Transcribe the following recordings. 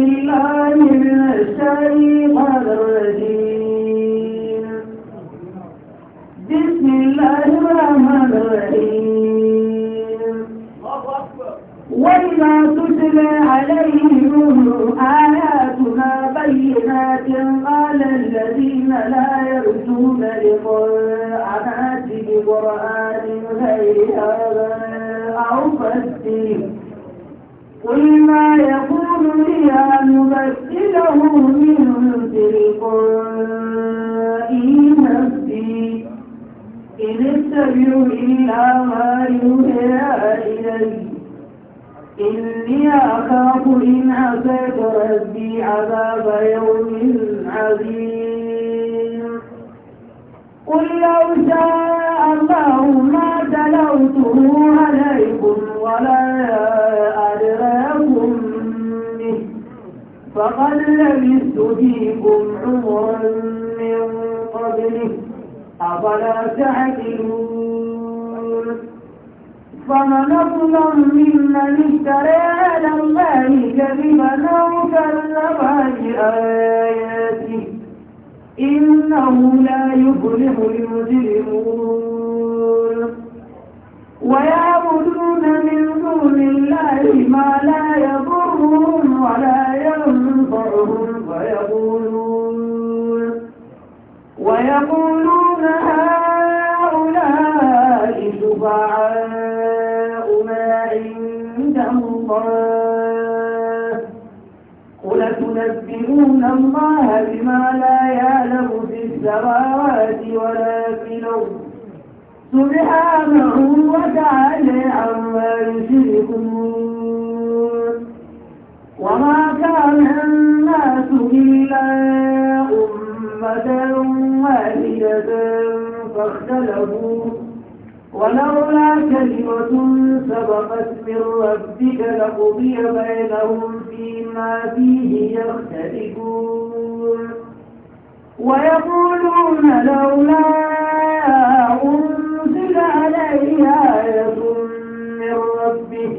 بالله من الشيطان الرجيم بسم الله الرحيم وإذا تتلى عليهم آياتنا بينات قال الذين لا يرجون لقاءنا بقرآن غير أو فسر قل ما يقول قولها نبدله من تلقاء نفسي إن اتبع إلا ما يوحى إلي إني أخاف إن أتيت ربي عذاب يوم عظيم قل لو شاء الله ما تلوته عليكم ولا أدراكم فقد لبثت فيكم عمرا من قبله أفلا تعقلون فمن أظلم ممن اشترى على الله كذبا أو كذب بآياته إنه لا يفلح المجرمون ويعبدون من دون الله ما لا يضرهم ولا يضرهم ويقولون هؤلاء شفعاؤنا عند الله قل تنبئون الله بما لا يعلم في السماوات ولا في الأرض سبحانه وتعالى عما يشركون وما كان فاختلفوا ولولا كلمة سبقت من ربك لقضي بينهم فيما فيه يختلفون ويقولون لولا أنزل عليه آية من ربه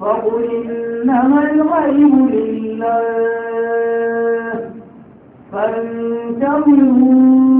فقل إنما الغيب لله فانتظروا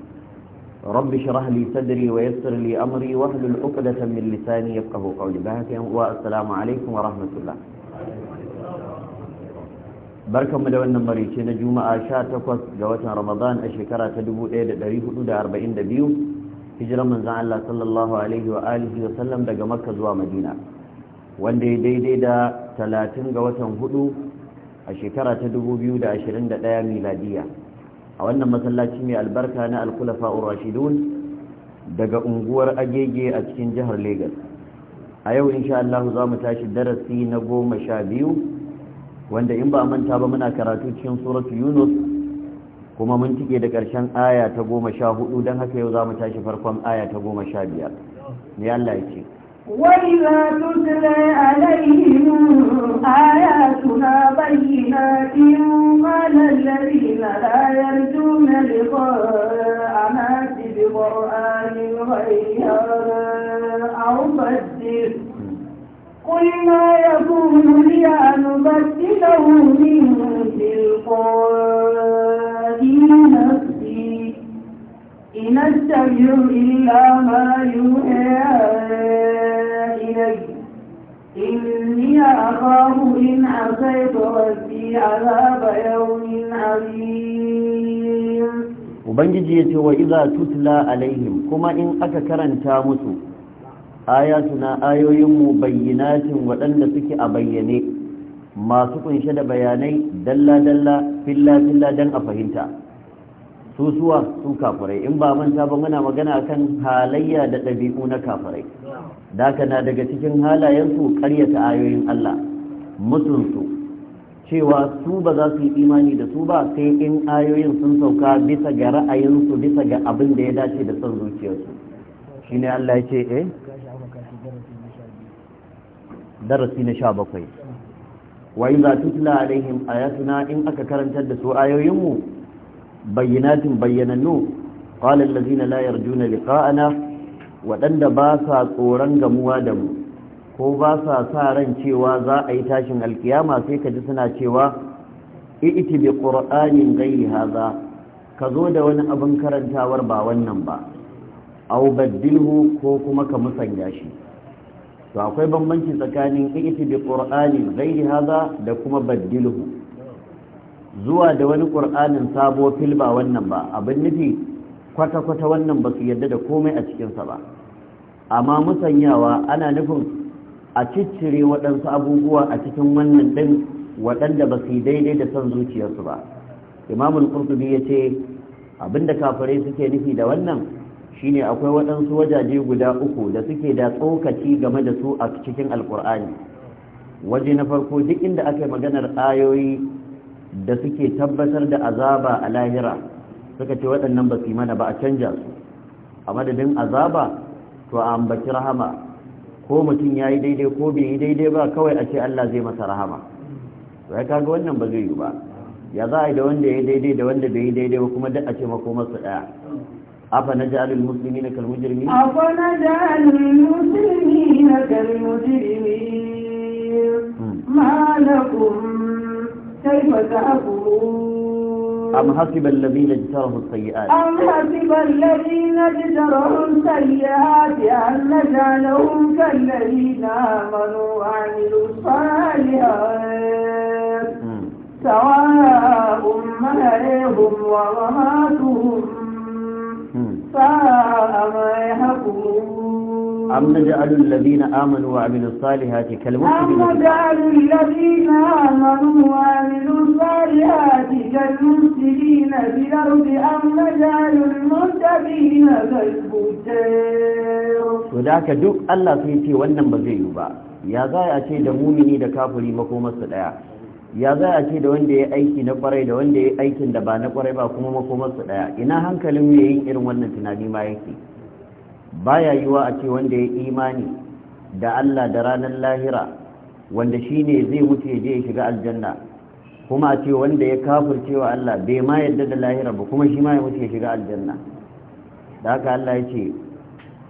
رب شرح لي صدري ويسر لي أمري وحل العقدة من لساني يفقه قولي بهاتي والسلام عليكم ورحمة الله barkan mu da wannan marice na juma'a 18 ga watan ramadan a shekara ta 1442 hijiran manzon Allah sallallahu alaihi wa alihi wa sallam daga makka zuwa madina wanda ya daidai da 30 ga watan 4 a shekara ta 2021 miladiya a wannan masallaci mai albarka na alkulafa urashidun daga unguwar agege a cikin jihar Legas. a yau insha Allah za mu tashi darasi na goma sha biyu wanda in ba manta ba muna karatu cikin suratu yunus kuma mun tike da ƙarshen aya ta goma sha hudu don haka yau za mu tashi farkon aya ta goma sha biyar ne Allah ya ce وإذا تتلى عليهم آياتنا بينات قال الذين لا أو بدر قل ما يكون لي أن أبدله من تلقاء نفسي إن أتبع إلا ما يوحى إلي إني أخاف إن عصيت ربي عذاب يوم عظيم ubangiji ya ce wa iza tutla alaihim kuma in aka karanta musu ayatuna ayoyinmu bayyanatin waɗanda suke a bayyane masu kunshe da bayanai dalla-dalla filla-filla don a fahimta su suwa su kafirai in ba manta ba muna magana kan halayya da ɗabi'u na kafirai daka na daga cikin halayensu ƙaryata ayoyin Allah mutunsu cewa su ba za su yi imani da su ba sai in ayoyin sun sauka bisa ga ra'ayinsu bisa ga abin da ya dace da son zuciyarsu shi ne Allah ya ce eh darasi na sha bakwai wa in za tutla alaihim ayatuna in aka karantar da su ayoyinmu bayyanatin bayyanannu qala allazina la yarjuna liqa'ana waɗanda ba sa tsoron gamuwa da mu ko ba sa sa ran cewa za a yi tashin alkiyama sai ka ji suna cewa i'ti bi qur'anin ghairi hadha ka zo da wani abin karantawar ba wannan ba aw baddilhu ko kuma ka musanya shi to akwai bambanci tsakanin i'ti bi qur'anin ghairi hadha da kuma baddilhu zuwa da wani qur'anin sabo fil ba wannan ba abin nufi kwata-kwata wannan ba su yarda da komai a cikinsa ba amma musanyawa ana nufin a ciccire waɗansu abubuwa a cikin wannan ɗin waɗanda ba su daidai da son zuciyarsu ba imamul qurtubi ya ce abinda kafare suke nufi da wannan shine akwai waɗansu wajaje guda uku da suke da tsokaci game da su a cikin alkur'ani waje na farko duk inda aka yi maganar ayoyi da suke tabbatar da azaba a lahira suka ce waɗannan ba su mana ba a canja su a madadin azaba to a ambaci rahama ko mutum ya yi daidai ko bai yi daidai ba kawai a ce Allah zai masa rahama ya kaga wannan ba zai yi ba ya za a yi da wanda ya yi daidai da wanda bai yi daidai ba kuma duk a ce makomarsa ɗaya afa na ja'al musulmi na kal mujrimin afa na ja'al na muslimina kal mujrimin kai hmm. lakum kayfa ta'furun أم حسب الذين اجترحوا السيئات أم حسب الذين اجترحوا السيئات أن نجعلهم كالذين آمنوا وعملوا الصالحات سواء محيهم ومماتهم ساء ما يحكمون أم نجعل الذين آمنوا وعملوا الصالحات كالمفسدين أم نجعل الذين آمنوا وعملوا الصالحات كالمفسدين في الأرض أم نجعل المتقين كالفجار وذاك دوك الله سيتي wannan ba zai yi ba ya za a ce da mumini da kafuri ya za a ce da wanda ya aiki na kwarai da wanda ya aikin da ba na kwarai ba kuma makomarsu daya ina hankalin mai yin irin wannan tunani ma yake baya yiwa a ce wanda ya imani da Allah da ranar lahira wanda shine zai wuce ya je ya shiga aljanna kuma a ce wanda ya kafurce wa Allah bai ma yadda da lahira ba kuma shi ma ya wuce ya shiga aljanna da haka Allah ya ce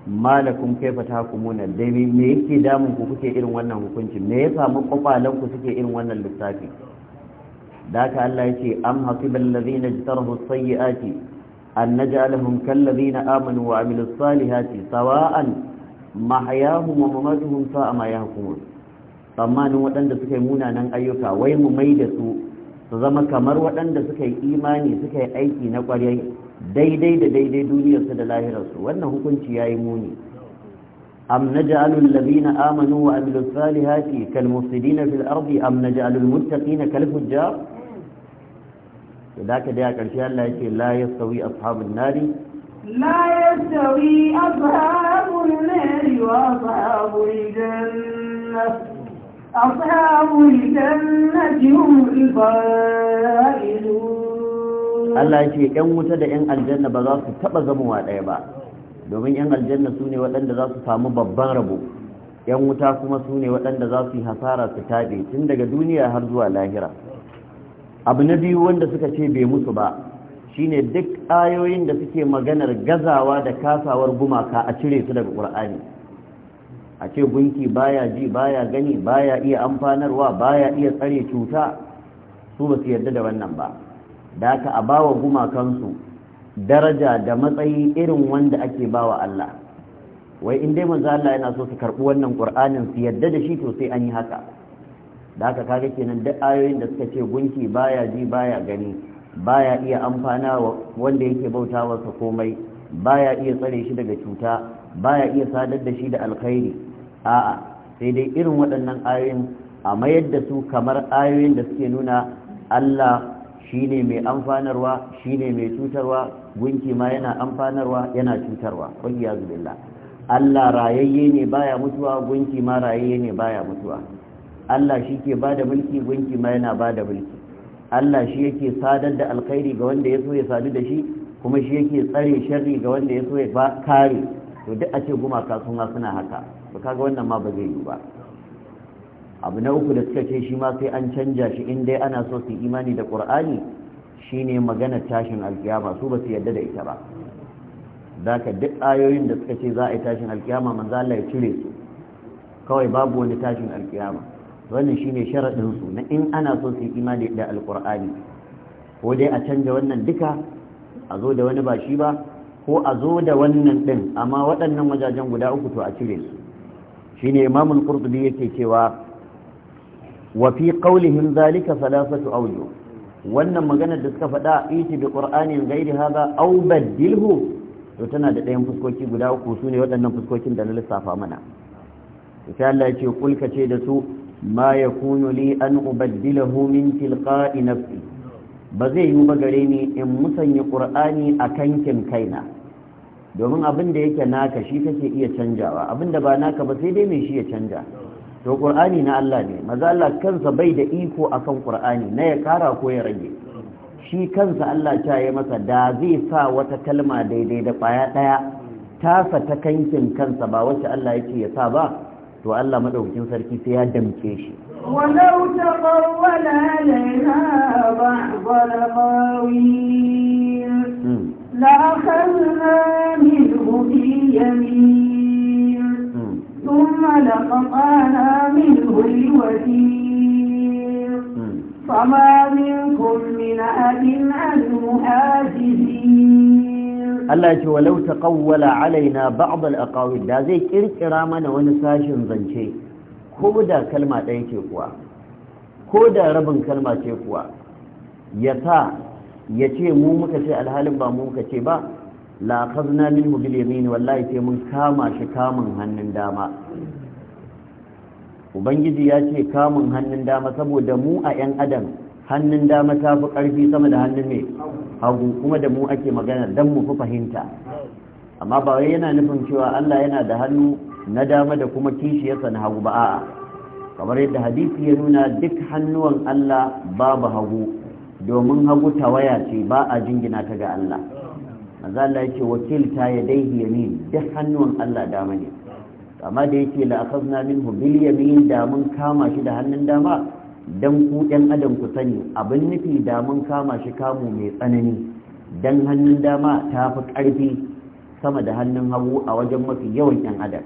malakum kaifa tahkumuna dai me yake damun ku kuke irin wannan hukunci me ya samu kwakwalen ku suke irin wannan lissafi da haka Allah ya ce am hasibal ladina jtarahu sayyiati أن نجعلهم كالذين آمنوا وعملوا الصالحات سواء محياهم ومماتهم ساء ما يحكمون tsammanin waɗanda suka yi munanan ayyuka wai mu mai da su su zama kamar waɗanda suka yi imani suka yi aiki na ƙwarai daidai da daidai duniyarsu da lahirarsu wannan hukunci ya yi muni am naj'alul ladina amanu wa amilus salihati kal musidina fil ardi am naj'alul muttaqina kal fujjar to da ka dai a ƙarshe Allah yake la yastawi ashabun nari la yastawi ashabun nari wa ashabul janna ashabul jannati hum al-faizun Allah yake ƴan wuta da 'yan aljanna ba za su taba zamowa ɗaya ba domin 'yan aljanna su ne waɗanda za su samu babban rabo 'yan wuta kuma su ne waɗanda za su yi hasara su tun daga duniya har zuwa lahira abu na biyu wanda suka ce bai musu ba shine duk ayoyin da suke maganar gazawa da kasawar gumaka a cire su daga ƙur'ani a ce gunki baya ji baya gani baya iya amfanarwa baya iya tsare cuta su ba su yarda da wannan ba da haka a bawa gumakansu daraja da matsayi irin wanda ake bawa Allah wai in dai manzo Allah yana so su karɓi wannan ƙur'anin su yarda da shi to sai an yi haka da haka kaga kenan duk ayoyin da suka ce gunki baya ji baya gani baya iya amfana wanda yake bautawa sa komai baya iya tsare shi daga cuta baya iya sadar da shi da alkhairi a'a sai dai irin waɗannan ayoyin a mayar da su kamar ayoyin da suke nuna Allah shine mai amfanarwa shine mai cutarwa gunki ma yana amfanarwa yana cutarwa wal ya Allah rayayye ne baya mutuwa gunki ma rayayye ne baya mutuwa Allah shi ke ba da mulki gunki ma yana ba da mulki Allah shi yake sadar da alkhairi ga wanda ya so ya sadu da shi kuma shi yake tsare sharri ga wanda ya so ya kare to duk a ce gumaka su ma suna haka ba kaga wannan ma ba zai yi ba abu na uku da suka ce shi ma sai an canja shi in dai ana so su imani da qur'ani shine magana tashin alkiyama su ba su yarda da ita ba zaka duk ayoyin da suka ce za a yi tashin alkiyama manzo Allah ya cire su kawai babu wani tashin alkiyama wannan shi ne sharaɗinsu na in ana so su yi imani da Alƙur'ani ko dai a canja wannan duka a zo da wani ba shi ba ko a zo da wannan ɗin. amma waɗannan wajajen guda uku to a cire su Shi ne imamun qurtubi yake cewa wa fi ƙaulihin zalika thalathatu aujo wannan maganar da suka faɗa iti bi qur'anin ghairi haza, au baddilhu to tana da ɗayan fuskoki guda uku su ne waɗannan fuskokin da na lissafa mana sai Allah ya ce kulka ce da su ma ya kunu li an ubaddilahu min tilqa'i nafsi ba zai yi ba gare ni in musanya qur'ani a kankin kaina domin abin da yake naka shi kake iya canjawa abin da ba naka ba sai dai mai shi ya canja to qur'ani na Allah ne maza Allah kansa bai da iko akan qur'ani na ya kara ko ya rage shi kansa Allah ta yi masa da zai sa wata kalma daidai da kwaya daya tasa ta kankin kansa ba wacce Allah yake ya sa ba to Allah madaukakin sarki sai ya damke shi walau taqawwala alaina ba'd al-qawil hmm. la akhadna minhu bi yamin hmm. thumma laqana minhu min watir hmm. fama minkum min ahadin an muhajizin Allah ce walau taqawwala alaina ba'd al-aqawil da zai kirkira mana wani sashin zance ko da kalma ɗaya ce kuwa ko da rabin kalma ce kuwa ya sa ya ce mu muka ce alhalin ba mu muka ce ba la khazna minhu bil yamin wallahi sai mun kama shi kamun hannun dama ubangiji ya ce kamun hannun dama saboda mu a yan adam hannun dama ta fi ƙarfi sama da hannun mai hagu kuma da mu ake magana don mu fi fahimta amma ba wai yana nufin cewa Allah yana da hannu na dama da kuma kishiyarsa na hagu ba a'a kamar yadda hadisi ya nuna duk hannuwan Allah babu hagu domin hagu ta waya ce ba a jingina ta ga Allah maza Allah yake ya dai yamin duk hannuwan Allah dama ne amma da yake la na minhu bil yamin da mun kama shi da hannun dama dan ku ɗan adam ku sani abin nufi da mun kama shi kamu mai tsanani dan hannun dama ta fi ƙarfi sama da hannun hagu a wajen mafi yawan ɗan adam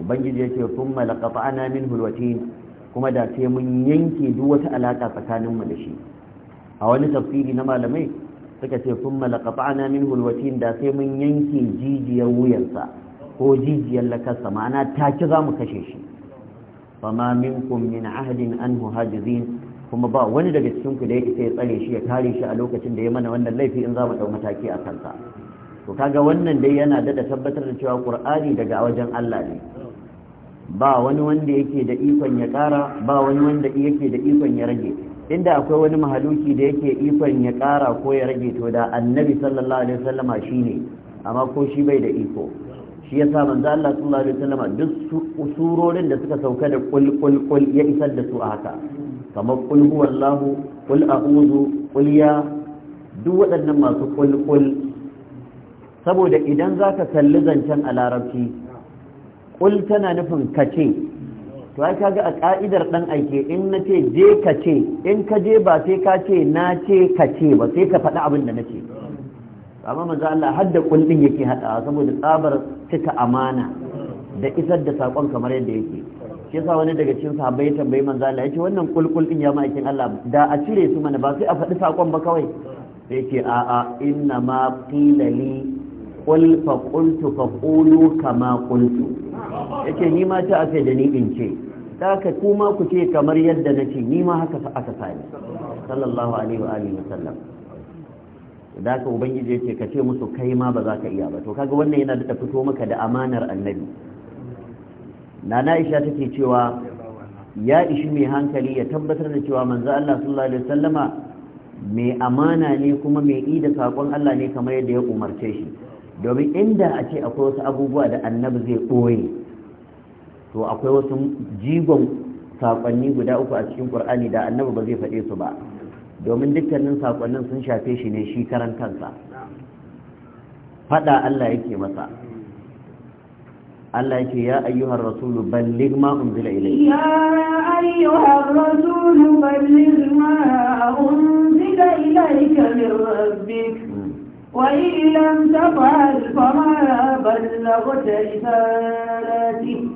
ubangiji ya ce sun malakafa ana min hulwatin kuma da sai mun yanke duk wata alaƙa tsakaninmu da shi a wani tafsiri na malamai suka ce sun malakafa ana min hulwatin da sai mun yanke jijiyar wuyansa ko jijiyar lakarsa ma'ana taki za mu kashe shi fama minkum min ahadin anhu hajizin kuma ba wani daga cikin ku da yake sai tsare shi ya kare shi a lokacin da ya mana wannan laifi in za mu dau mataki a kansa to kaga wannan dai yana da tabbatar da cewa qur'ani daga wajen Allah ne ba wani wanda yake da ikon ya kara ba wani wanda yake da ikon ya rage inda akwai wani mahaluki da yake ikon ya kara ko ya rage to da annabi sallallahu alaihi wasallama shine amma ko shi bai da iko shi yasa manzo Allah sallallahu alaihi wasallama duk usurorin da suka sauka da kulkulkul ya isar da su a haka kamar kulhu wallahu kul a'udhu kul ya duk waɗannan masu kulkul saboda idan zaka kalli zancen a larabci kul tana nufin kace to ai kaga a ka'idar dan aike in nace je kace in ka je ba sai ka ce na ce kace ba sai ka faɗi abin da nace amma manzo Allah hadda kul yake hada saboda tsabar cika amana da isar da sakon kamar yadda yake shi yasa wani daga cikin sahabbai ya tambayi manzo Allah yace wannan kulkul din ya ma'aikin Allah da a cire su mana ba sai a faɗi sakon ba kawai sai yace a a inna ma qila li qul fa qultu fa qulu kama qultu yace ni ma ta aka da ni in ce haka kuma ku ce kamar yadda nace ni ma haka aka sani sallallahu alaihi wa alihi wasallam da ka ubangiji yace ka ce musu kai ma ba za ka iya ba to kaga wannan yana da fito maka da amanar annabi nana isha take cewa ya ishi mai hankali ya tabbatar da cewa manzo Allah sallallahu alaihi wasallama mai amana ne kuma mai yi da sakon Allah ne kamar yadda ya umarce shi domin inda a ce akwai wasu abubuwa da annabi zai ɓoye to akwai wasu jigon sakonni guda uku a cikin qur'ani da annabi ba zai faɗe su ba domin dukkanin sakonnin sun shafe shi ne shi karan kansa faɗa Allah yake masa الله يقول يا أيها الرسول بلغ ما أنزل إليك يا أيها الرسول بلغ ما أنزل إليك من ربك وإن لم تفعل فما بلغت رسالته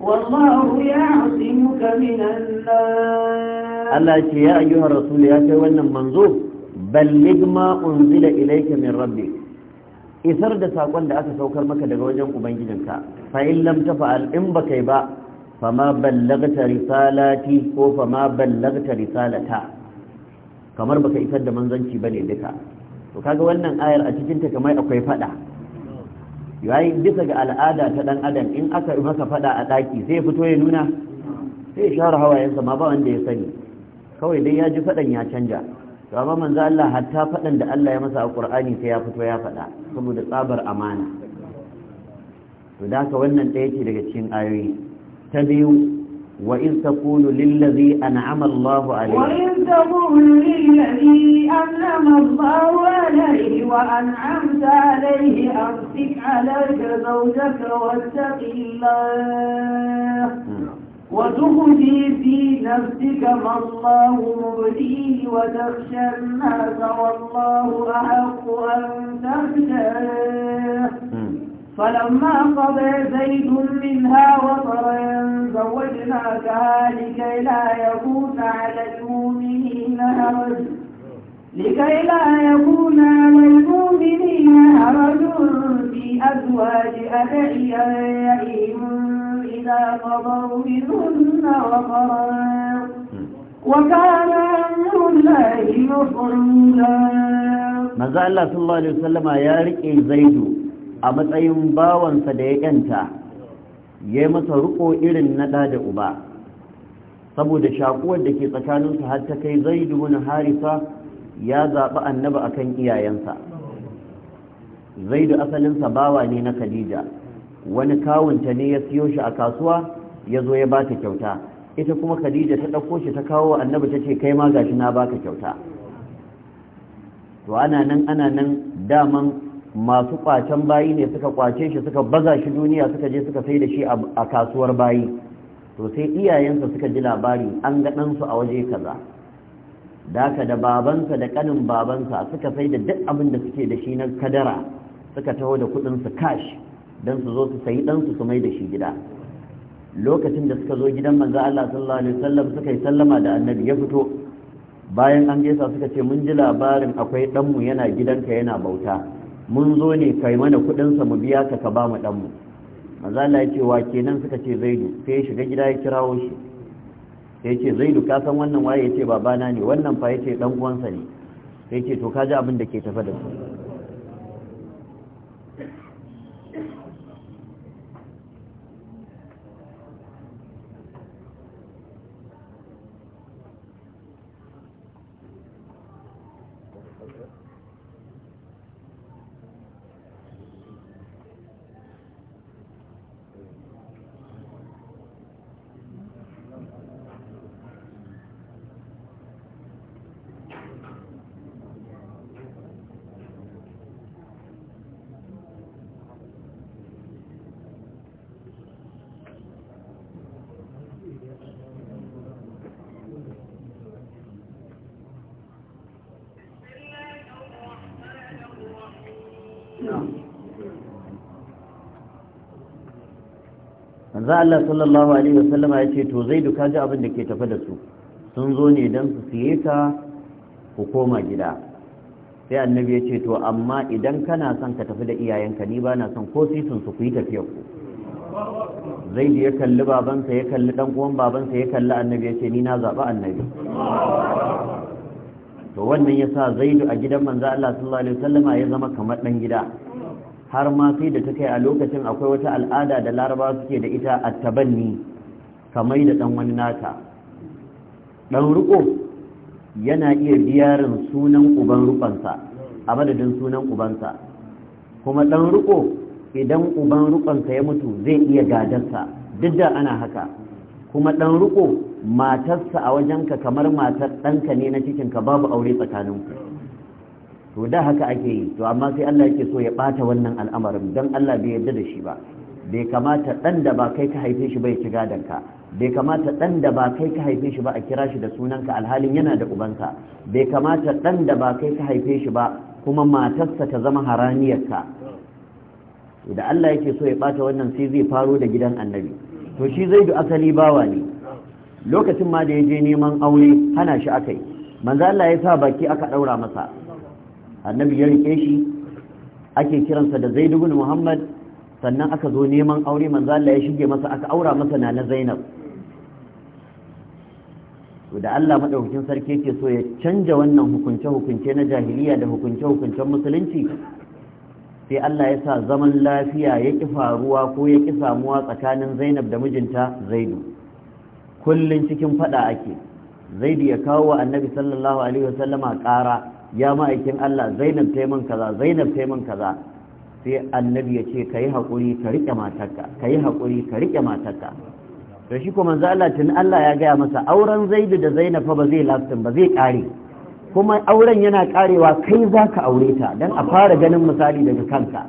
والله يعصمك من الناس. الله يا أيها الرسول يا شوان المنظور بلغ ما أنزل إليك من ربك isar da sakon da aka saukar maka daga wajen ubangijinka fa in lam tafa'al in baka yi ba ma ballagta risalati ko fa ma ballagta risalata kamar baka isar da manzanci bane duka to kaga wannan ayar a cikin ta kamar akwai fada yayi bisa ga al'ada ta dan adam in aka yi maka fada a daki sai fito ya nuna sai ya share hawayensa ma ba wanda ya sani kawai dai ya ji fadan ya canja gaba manzo Allah hatta faɗin da Allah ya masa a kur'ani ta ya fito ya faɗa saboda tsabar amana to da haka wannan daya ce daga cikin ayoyi ta biyu wa in taqulu lillazi an'ama Allahu alayhi wa in taqulu lillazi an'ama Allahu alayhi wa an'amta alayhi afsik alayka zawjaka wattaqillah hmm. وتخفي في نفسك ما الله مبديه وتخشى الناس والله أحق أن تخشاه فلما قضى زيد منها وطرا زوجناك لكي لا يكون على المؤمنين هرج لكي لا يكون على المؤمنين هرج في أزواج أدعيائهم إلى Allah sallallahu alaihi wasallama ya riƙe Zaidu a matsayin bawansa da ya yanta ya yi masa riƙo irin na da uba saboda shakuwar da ke tsakaninsa har ta kai Zaidu wani Harisa ya zaɓi annaba akan iyayensa Zaidu asalinsa bawa ne na Khadija wani kawunta ne ya siyo shi a kasuwa ya zo ya bata kyauta ita kuma khadija ta ɗauko shi ta kawo annabi ta ce kai ma gashi na baka kyauta to ana nan ana nan daman masu kwacen bayi ne suka kwace shi suka baza shi duniya suka je suka sai da shi a kasuwar bayi to sai iyayensa suka ji labari an ga ɗansu a waje kaza daka da babansa da kanin babansa suka sai da duk abin da suke da shi na kadara suka taho da kuɗinsu kashi don su zo su sayi ɗansu su mai da shi gida lokacin da suka zo gidan manzo Allah sallallahu alaihi wasallam suka yi sallama da annabi ya fito bayan an gaisa suka ce mun ji labarin akwai ɗanmu yana gidanka yana bauta mun zo ne kai mana sa mu biya ka ka ba mu mu manzo Allah ya ce wa kenan suka ce zaidu sai shiga gida ya kirawo shi sai ce zaidu ka san wannan waye ya ce babana ne wannan fa ya ce ɗan uwansa ne sai ce to ka ji abin da ke tafa da su manzo Allah sallallahu alaihi wasallam ya ce to zaidu ka ji abin da ke tafi da su sun zo ne dan su siye ka ku koma gida sai annabi ya ce to amma idan kana son ka tafi da iyayenka ni ba na son ko sun su ku yi tafiya ku zaidu ya kalli babansa ya kalli dan uwan babansa ya kalli annabi ya ce ni na zaɓi annabi to wannan yasa zaidu a gidan manzo Allah sallallahu alaihi wasallama ya zama kamar dan gida har ma sai da ta kai a lokacin akwai wata al'ada da laraba suke da ita a tabanni kamar da ɗan wani nata ɗan riko yana iya biyarin sunan uban rukonsa a madadin sunan ubansa kuma ɗan riko idan uban rukonsa ya mutu zai iya gadarsa duk da ana haka kuma ɗan riko matarsa a wajenka kamar matar ɗanka ne na cikinka babu aure tsakaninku to da haka ake yi to amma sai Allah yake so ya bata wannan al'amarin dan Allah bai yarda da shi ba bai kamata dan da ba kai ka haife shi ya kiga danka bai kamata dan da ba kai ka haife shi ba a kira shi da sunanka alhalin yana da ubanka bai kamata dan da ba kai ka haife shi ba kuma matarsa ta zama haraniyarka da Allah yake so ya bata wannan sai zai faro da gidan annabi to shi zai da asali bawa ne lokacin ma da ya je neman aure hana shi akai manzo Allah ya sa baki aka daura masa annabi ya rike shi ake kiransa da zaid ibn muhammad sannan aka zo neman aure manzo Allah ya shige masa aka aura masa na zainab to da Allah madaukakin sarki yake so ya canja wannan hukunce hukunce na jahiliya da hukunce hukuncen musulunci sai Allah ya sa zaman lafiya ya ki faruwa ko ya ki samuwa tsakanin zainab da mijinta zaidu Kullum cikin fada ake zaidu ya kawo wa annabi sallallahu alaihi wasallama ƙara ya ma'aikin Allah Zainab ta kaza Zainab ta kaza sai annabi ya ce ka yi haƙuri ka riƙe matarka ka yi haƙuri ka riƙe matarka to shi kuma manzo Allah tun Allah ya gaya masa auren Zaidu da Zainab fa ba zai lastin ba zai ƙare kuma auren yana ƙarewa kai za ka aure ta don a fara ganin misali daga kanka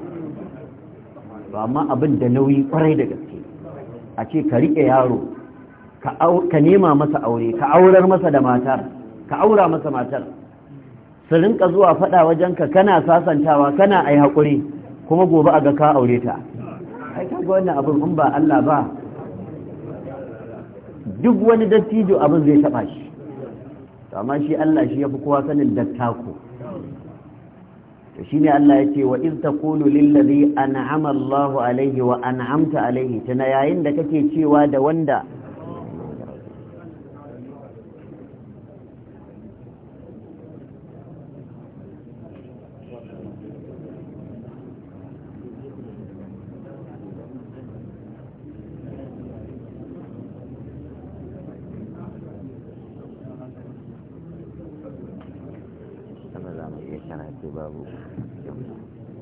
to amma abin da nauyi kwarai da gaske a ce ka riƙe yaro ka nema masa aure ka aurar masa da matar ka aura masa matar su rinka zuwa faɗa wajenka kana sasantawa kana ai haƙuri kuma gobe a ga ka aure ta ai kaga wannan abin in ba Allah ba duk wani dattijo abin zai taɓa shi amma shi Allah shi ya fi kowa sanin dattako to shine Allah ya ce wa iz taqulu lil ladhi an'ama Allahu alayhi wa an'amta alayhi tana yayin da kake cewa da wanda C'est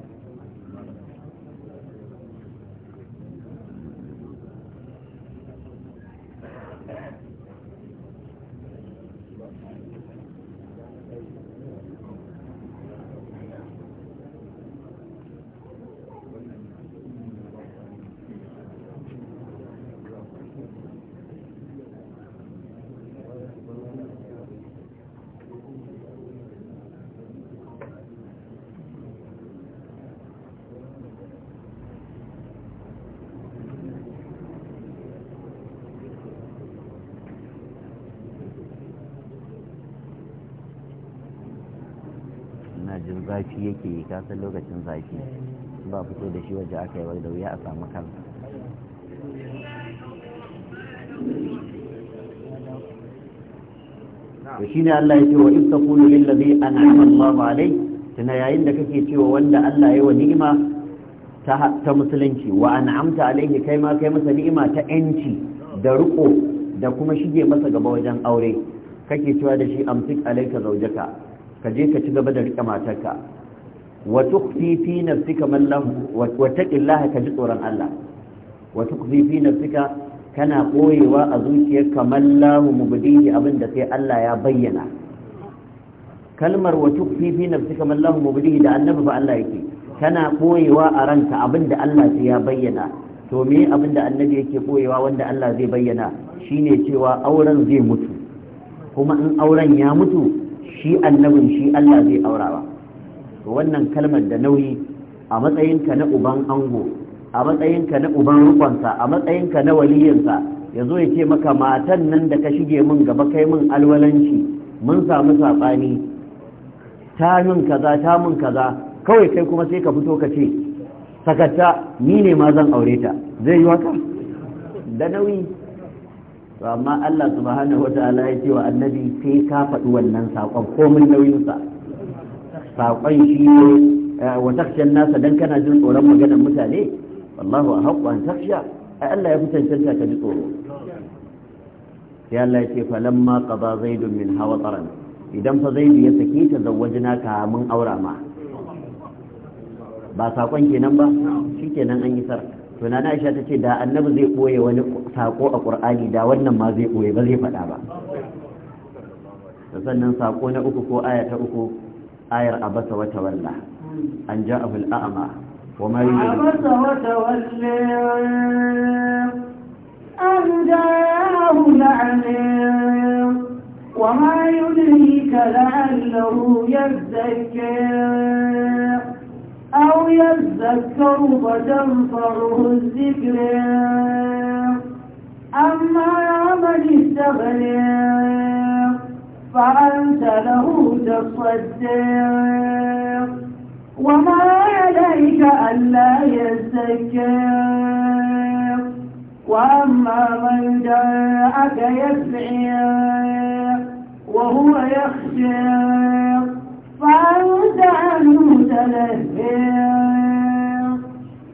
ka san lokacin zafi ba fito da shi waje aka yi da wuya a samu kansa to shine Allah ya ce wa in taqulu lil ladhi an'ama Allahu alayhi tana yayin da kake cewa wanda Allah ya wa ni'ima ta ta musulunci wa an'amta alayhi kai ma kai masa ni'ima ta enci da riko da kuma shige masa gaba wajen aure kake cewa da shi amsik alayka zawjaka ka je ka ci gaba da rika matarka wa tukhfi fi nafsika man lahu wa taqillaha ka ji tsoron Allah wa tukhfi fi nafsika kana koyewa a zuciyarka man lahu mubdihi abinda sai Allah ya bayyana kalmar wa tukhfi fi nafsika man lahu mubdihi da annabi ba Allah yake kana koyewa a ranka abinda Allah sai ya bayyana to me abinda annabi yake koyewa wanda Allah zai bayyana shine cewa auren zai mutu kuma in auren ya mutu shi annabin shi Allah zai aurawa wannan kalmar da nauyi a matsayinka na uban ango a matsayinka na uban rukonsa a matsayinka na waliyinsa ya zo ya ce maka matan nan da ka shige min gaba kai min alwalanci mun samu saɓani ta min kaza ta min kaza kawai kai kuma sai ka fito ka ce sakatta ni ne ma zan aure ta zai yi haka da nauyi to amma Allah subhanahu ta'ala ya ce wa annabi sai ka faɗi wannan saƙon komin nauyinsa saƙon shi eh, wa takshan nasa dan kana jin tsoron maganar mutane wallahu a haƙo an taksha ai Allah ya fi cancanta ka ji tsoro sai Allah ya ce falamma qada zaidun min hawa taran idan fa zaidu ya sake ta jina ka mun aura ma ba saƙon kenan ba Shi kenan an yi sar to na Aisha ta ce da annabi zai ɓoye wani saƙo a Qur'ani da wannan ma zai ɓoye ba zai faɗa ba sannan saƙo na uku ko aya ta uku آية أبس وتولى أن جاءه الأعمى وما أبس وتولى أن جاءه الأعمى وما يدريك لعله يزكى أو يذكر فتنفعه الذكر أما من استغنى فأنت له تصدق وما عليك ألا يستكبر وأما من جاءك يسعي وهو يخشى فأنت عنه تنهر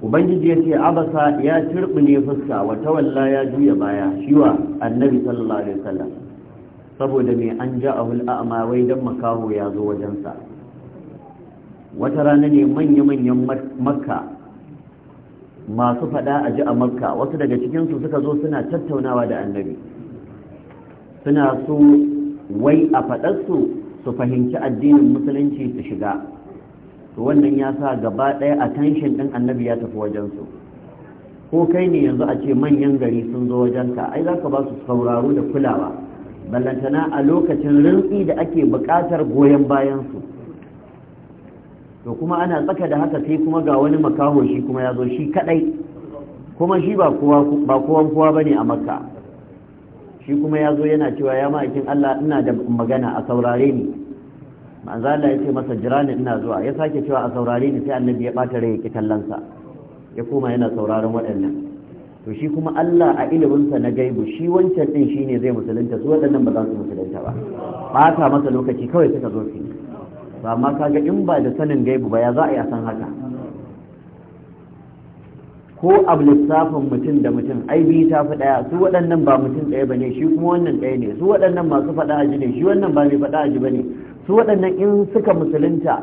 Ubangiji ya ce, Abasa ya cirɓi ne fuska wa tawalla ya juya baya, shiwa annabi sallallahu Alaihi wasallam. saboda mai an ja a hul'a'ama wai don makaho ya zo wajensa wata rana ne manya-manyan makka masu fada a ji a makka wasu daga cikinsu suka zo suna tattaunawa da annabi suna so wai a faɗarsu su fahimci addinin musulunci su shiga to wannan ya sa gaba ɗaya a tanshin ɗin annabi ya tafi wajensu ko kai ne yanzu a ce manyan gari sun zo wajenka ai za ka ba su sauraro da kulawa ballantana a lokacin rintsi da ake buƙatar goyon bayansu to kuma ana tsaka da haka sai kuma ga wani makaho shi kuma ya zo shi kadai kuma shi ba kowan kowa ba ne a makka shi kuma ya zo yana cewa ya ma'aikin allah ina da magana a saurare ni manzo allah ya ce masa jira ni ina zuwa ya sake cewa a saurare ni sai annabi ya bata rai ya ya koma yana sauraron waɗannan to shi kuma Allah a iliminsa na gaibu shi wancan din shine zai musulunta su waɗannan ba za su musulunta ba ɓata masa lokaci kawai suka zo su ba amma kaga in ba da sanin gaibu ba ya za a yi a san haka ko abu lissafin mutum da mutum ai biyu ta fi ɗaya su waɗannan ba mutum ɗaya ba ne shi kuma wannan ɗaya ne su waɗannan masu faɗa aji ne shi wannan ba mai faɗa aji ba ne su waɗannan in suka musulunta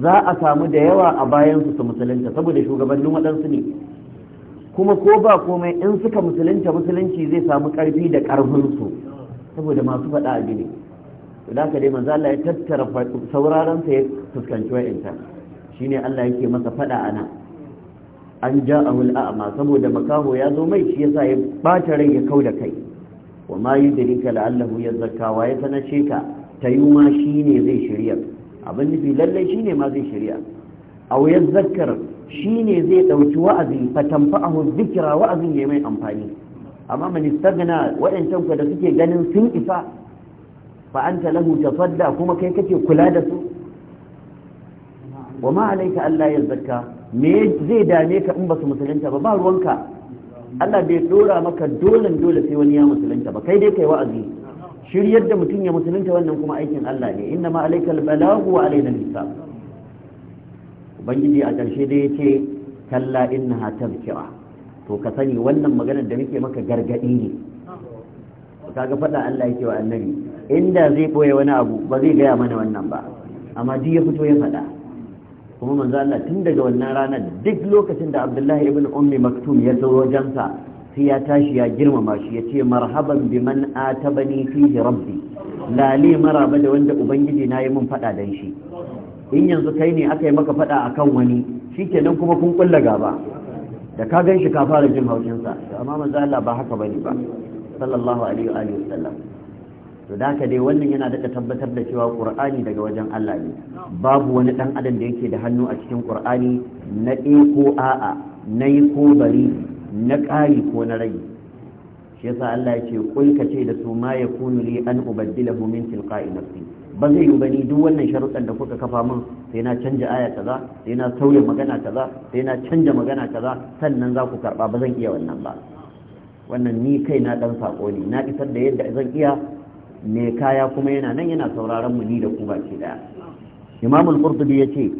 za a samu da yawa a bayansu su musulunta saboda shugabannin waɗansu ne kuma ko ba komai in suka musulunta musulunci zai samu karfi da karfinsu saboda masu faɗa a gini da ka dai manzo ya tattara sauraron sa ya fuskanci wa'inta shine Allah yake masa faɗa a nan. an ja a a'ma saboda makaho ya zo mai shi yasa ya bata rai ya kau da kai wa ma yudrika la'allahu yazakka wa ya sanace ka ma shine zai shirya abin nufi lallai shine ma zai shirya aw yazakkar Shi ne zai dauki wa'azi a dhikra wa'azin ya mai amfani amma man istagna wa'ancan ku da suke ganin sun isa fa ta lahu fadda kuma kai kake kula da su wa ma Allah ya yazakka me zai dame ka in basu musulunta ba ba ruwanka Allah bai ɗora maka dolan dole sai wani ya musulunta ba kai dai kai wa'azi shiryar da mutum ya musulunta wannan kuma aikin Allah ne inna ma alaikal balagu wa alaina hisab ubangiji a ƙarshe dai ya ce kalla innaha tazkira to ka sani wannan maganar da muke maka gargaɗi ne kaga faɗa Allah yake wa annabi inda zai ɓoye wani abu ba zai gaya mana wannan ba amma duk ya fito ya faɗa kuma manzo Allah tun daga wannan ranar duk lokacin da Abdullahi ibn Ummi Maktum ya zo sa sai ya tashi ya girmama shi ya ce marhaban bi man atabani fihi rabbi lale maraba da wanda ubangiji na yi mun faɗa dan shi in yanzu kai ne aka yi maka faɗa akan wani shi nan kuma kun kulla gaba da ka gan shi ka fara jin haushinsa amma manzo Allah ba haka bane ba sallallahu alaihi wa alihi wasallam to da haka dai wannan yana daga tabbatar da cewa qur'ani daga wajen Allah ne babu wani dan adam da yake da hannu a cikin qur'ani na ɗe ko a'a na yi ko bari na ƙari ko na rage shi yasa Allah ya ce kul ce da su ma yakunu li an ubaddilahu min tilqa'i nafsi ba zai yi bani duk wannan sharuɗan da kuka kafa min sai na canja aya kaza sai na sauya magana kaza sai na canja magana kaza sannan za ku karɓa ba zan iya wannan ba wannan ni kai na ɗan saƙo ne na isar da yadda zan iya mai kaya kuma yana nan yana sauraron mu ni da ku baki ɗaya. imam al-qurtubi yace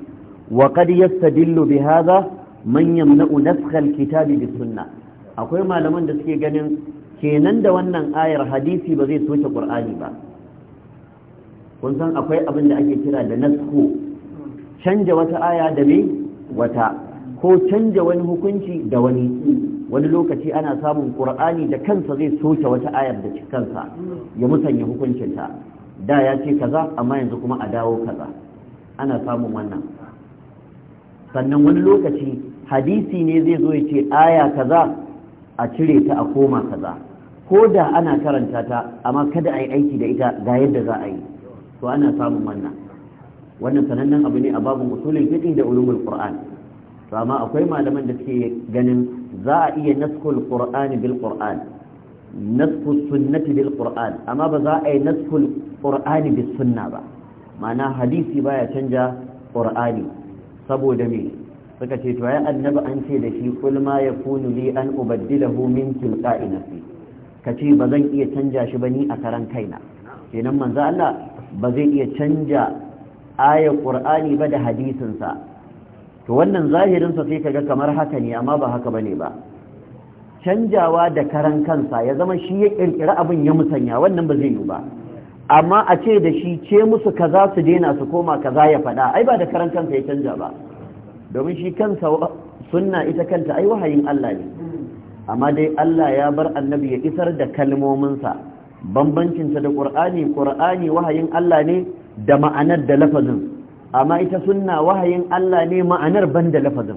wa qad yastadillu bi hadha man yamna'u nafkh al-kitab bi sunnah akwai malaman da suke ganin kenan da wannan ayar hadisi ba zai soke qur'ani ba kun san akwai abin da ake kira da nasko canja wata aya da me wata ko canja wani hukunci da wani wani lokaci ana samun qur'ani da kansa zai soke wata ayar da kansa ya musanya ta, da ya ce kaza amma yanzu kuma a dawo kaza ana samun wannan sannan wani lokaci hadisi ne zai zo ya ce aya kaza a cire ta a koma kaza ko da ana karanta ta amma kada a yi aiki da ita ga yadda za a yi to ana samun wannan wannan sanannen abu ne a babin usulin fiqh da ulumul qur'an to amma akwai malaman da suke ganin za a iya naskul qur'ani bil qur'an nasku sunnati bil qur'an amma ba za a yi naskul qur'ani bis sunna ba ma'ana hadisi baya canja qur'ani saboda me suka ce to ya annabi an ce da shi kul ma yakunu li an ubaddilahu min tilqa'i nafsi kace ba zan iya canja shi ba ni a karan kaina kenan manzo Allah ba zai iya canja ayar qur'ani ba da hadisin sa to wannan zahirin sa sai kaga kamar haka ne amma ba haka bane ba canjawa da karan kansa ya zama shi ya kirkira abin ya musanya wannan ba zai yi ba amma a ce da shi ce musu kaza su daina su koma kaza ya faɗa ai ba da karan kansa ya canja ba domin shi kansa sunna ita kanta ai wahayin Allah ne amma dai Allah ya bar annabi ya isar da kalmominsa bambancinta da ƙur'ani ƙur'ani wahayin Allah ne da ma'anar da lafazin amma ita sunna wahayin Allah ne ma'anar ban da lafazin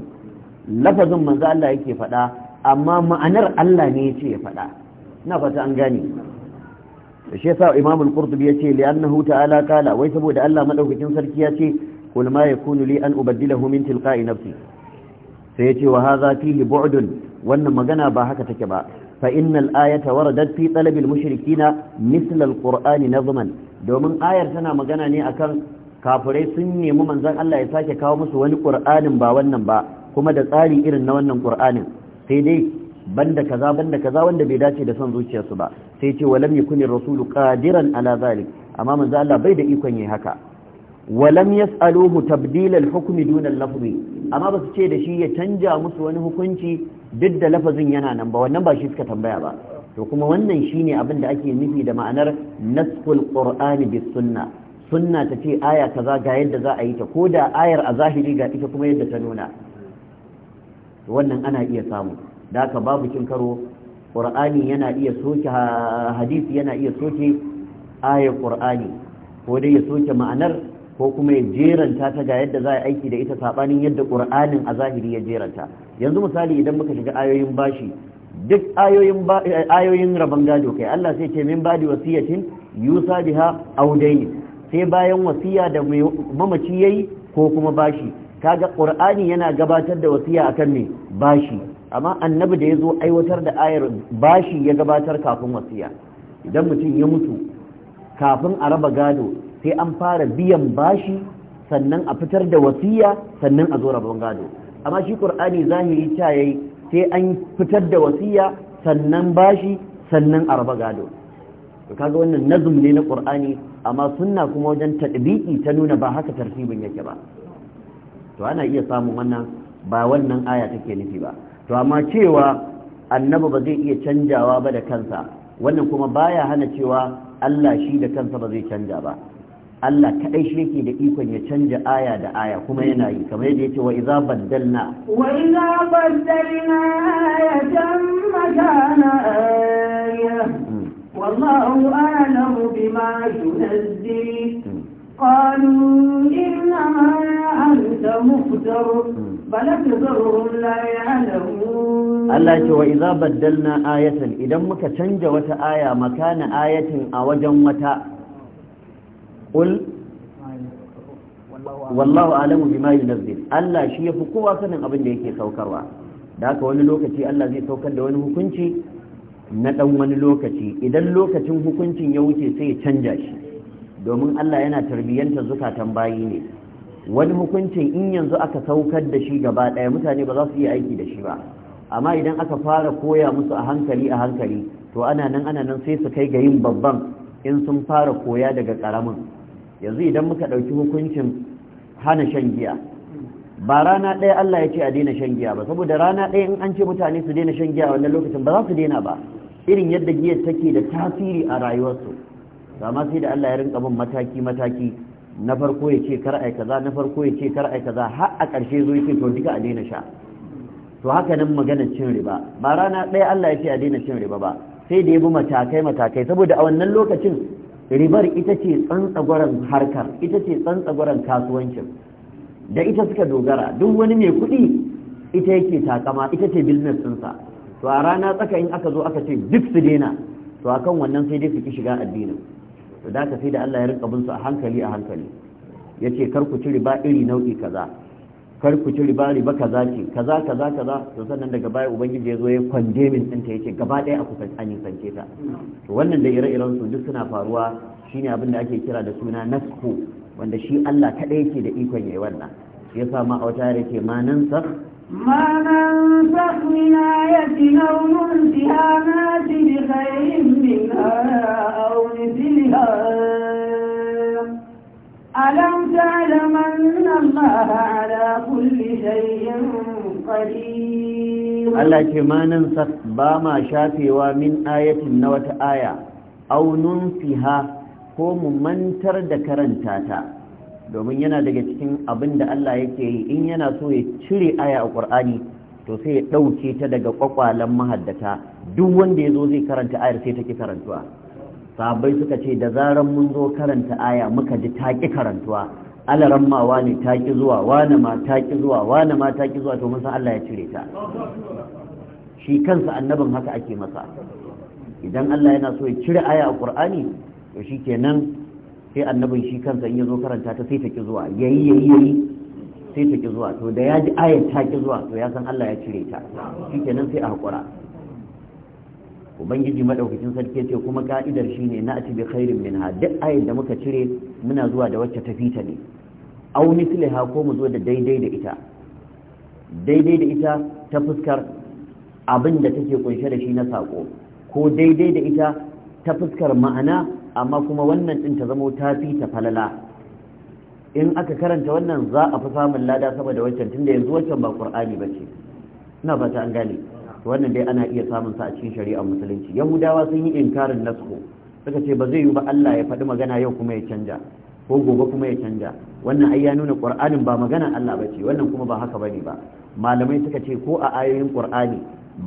lafazin manzo Allah yake faɗa amma ma'anar Allah ne yace ya faɗa na fata an gane da shi yasa Imam al-Qurtubi yace li'annahu ta'ala kala wai saboda Allah madaukakin sarki yace kul ma yakunu li an ubaddilahu min tilqa'i nafsi sai yace wa hadha fihi bu'dun wannan magana ba haka take ba fa innal ayata waradat fi talabil mushrikina misl alqur'ani nazman domin ayar tana magana ne akan kafurai, sun nemi manzon Allah ya sake kawo musu wani qur'anin ba wannan ba kuma da tsari irin na wannan qur'anin sai dai banda kaza kaza wanda bai dace da son zuciyarsu ba sai ce walam yakuni rasulu qadiran ala amma manzon Allah bai da ikon yi haka walam yas'aluhu tabdil al-hukmi duna al amma ba su ce da shi ya canja musu wani hukunci duk da lafazin yana nan ba wannan ba shi suka tambaya ba to kuma wannan shine abin da ake nufi da ma'anar nasful ƙur'ani bis sunna sunna ta ce aya kaza ga yadda za a yi ta ko da ayar a zahiri ga ita kuma yadda ta nuna wannan ana iya samu da haka babu cin karo qur'ani yana iya soke hadisi yana iya soke ayar ƙur'ani, ko dai ya soke ma'anar ko kuma ya jeranta ta ga yadda za a aiki da ita saɓanin yadda qur'anin a zahiri ya jeranta yanzu misali idan muka shiga ayoyin bashi duk ayoyin rabon gado kai Allah sai ce min badi wasiyatin yusa biha aw sai bayan wasiya da mamaci yayi ko kuma bashi kaga ƙur'ani yana gabatar da wasiya akan me bashi amma annabi da ya zo aiwatar da ayar bashi ya gabatar kafin wasiya idan mutum ya mutu kafin a raba gado sai an fara biyan bashi sannan a fitar da wasiya sannan a zo rabon gado amma shi qur'ani zahiri ta yayi sai an fitar da wasiya sannan bashi sannan a raba gado kaga wannan nazum ne na qur'ani amma sunna kuma wajen tadbiki ta nuna ba haka tartibin yake ba to ana iya samun wannan ba wannan aya take nufi ba to amma cewa annabi ba zai iya canjawa ba da kansa wannan kuma baya hana cewa Allah shi da kansa ba zai canja ba Allah kadai shi yake da ikon ya canja aya da aya kuma yana yi kamar yadda ya yake wa idza baddalna wa idza baddalna ayatan makana aya hmm. wallahu a'lamu bima yunzil قالوا إنما أنت مفتر بل أكثرهم لا يعلمون Allah ce wa iza baddalna ayatan idan muka canja wata aya makana ayatin a wajen wata قل wallahu alamu بما ينزل Allah shi يفي kowa sanin abin da yake saukarwa da haka wani lokaci Allah zai saukar da wani hukunci na dan wani lokaci idan lokacin hukuncin ya wuce sai ya canja shi domin Allah yana tarbiyyanta zukatan bayi ne wani hukuncin in yanzu aka saukar da shi gaba ɗaya mutane ba za su iya aiki da shi ba amma idan aka fara koya musu a hankali a hankali to ana nan ana nan sai su kai ga yin babban in sun fara koya daga karamin yanzu idan muka ɗauki hukuncin hana shan giya ba rana ɗaya Allah ya ce a daina shan giya ba saboda rana ɗaya in an ce mutane su daina shan giya wannan lokacin ba za su daina ba irin yadda giyar take da tasiri a rayuwarsu ma sai da Allah ya rinka bin mataki mataki na farko ya ce kar ai kaza na farko ya ce kar ai kaza har a ƙarshe zo yake to duka a daina sha to haka nan maganar cin riba ba rana ɗaya Allah ya ce a daina cin riba ba sai da ya bi matakai matakai saboda a wannan lokacin ribar ita ce tsantsagoran harkar ita ce tsantsagoran kasuwancin da ita suka dogara duk wani mai kuɗi ita yake takama ita ce business ɗinsa to a rana tsaka in aka zo aka ce duk su daina to akan wannan sai dai su ki shiga addinin to da ka sai da Allah ya rinka bin su a hankali a hankali yace kar ku ci riba iri nau'i kaza kar ku ci riba riba kaza ki kaza kaza kaza to sannan daga baya ubangiji ya zo ya kwande min din ta yake gaba ɗaya a kusan an yi ta to wannan da ire-iren su duk suna faruwa shine abin da ake kira da suna nasku wanda shi Allah kaɗai yake da ikon yayi wannan shi yasa ma a wata yake ma nan sa ما ننسخ من آية أو ننسها نأتي بخير منها aw nizilha ألم تعلم أن الله على كل شيء قدير الله كما ننسى باما شافي ومن آية نوة آية أو ننفها ko mu mantar da karanta ta domin yana daga cikin abin da Allah yake yi in yana so ya cire aya a ƙur'ani to sai ya ɗauke ta daga ƙwaƙwalen mahaddata duk wanda ya zo zai karanta ayar sai ta ki karantuwa sahabbai suka ce da zaran mun zo karanta aya muka ji taƙi karantuwa alaran ma wani taƙi zuwa wani ma taƙi zuwa wani ma taƙi zuwa to mun san Allah ya cire ta shi kansa annabin haka ake masa idan Allah yana so ya cire aya a Qur'ani to shikenan sai annabin shi kansa in ya zo karanta ta sai ta ki zuwa yayi yayi yayi sai ta ki zuwa to da ya ji ayar taƙi zuwa to ya san Allah ya cire ta shikenan sai a haƙura. ubangiji madaukakin sarki ce kuma ka'idar shine na ati bi khairin minha duk ayin da muka cire muna zuwa da wacce tafi ta ne aw misliha ko mu zo da daidai da ita daidai da ita ta fuskar abin da take kunshe da shi na sako ko daidai da ita ta fuskar ma'ana amma kuma wannan din ta zamo tafi ta falala in aka karanta wannan za a fi samun lada saboda waccan tunda yanzu waccan ba qur'ani bace ina fata an gane to wannan dai ana iya samun sa a cikin shari'ar musulunci yahudawa sun yi inkarin nasku suka ce ba zai yi ba Allah ya faɗi magana yau kuma ya canja ko gobe kuma ya canja wannan ai ya nuna qur'anin ba magana Allah bace wannan kuma ba haka bane ba malamai suka ce ko a ayoyin qur'ani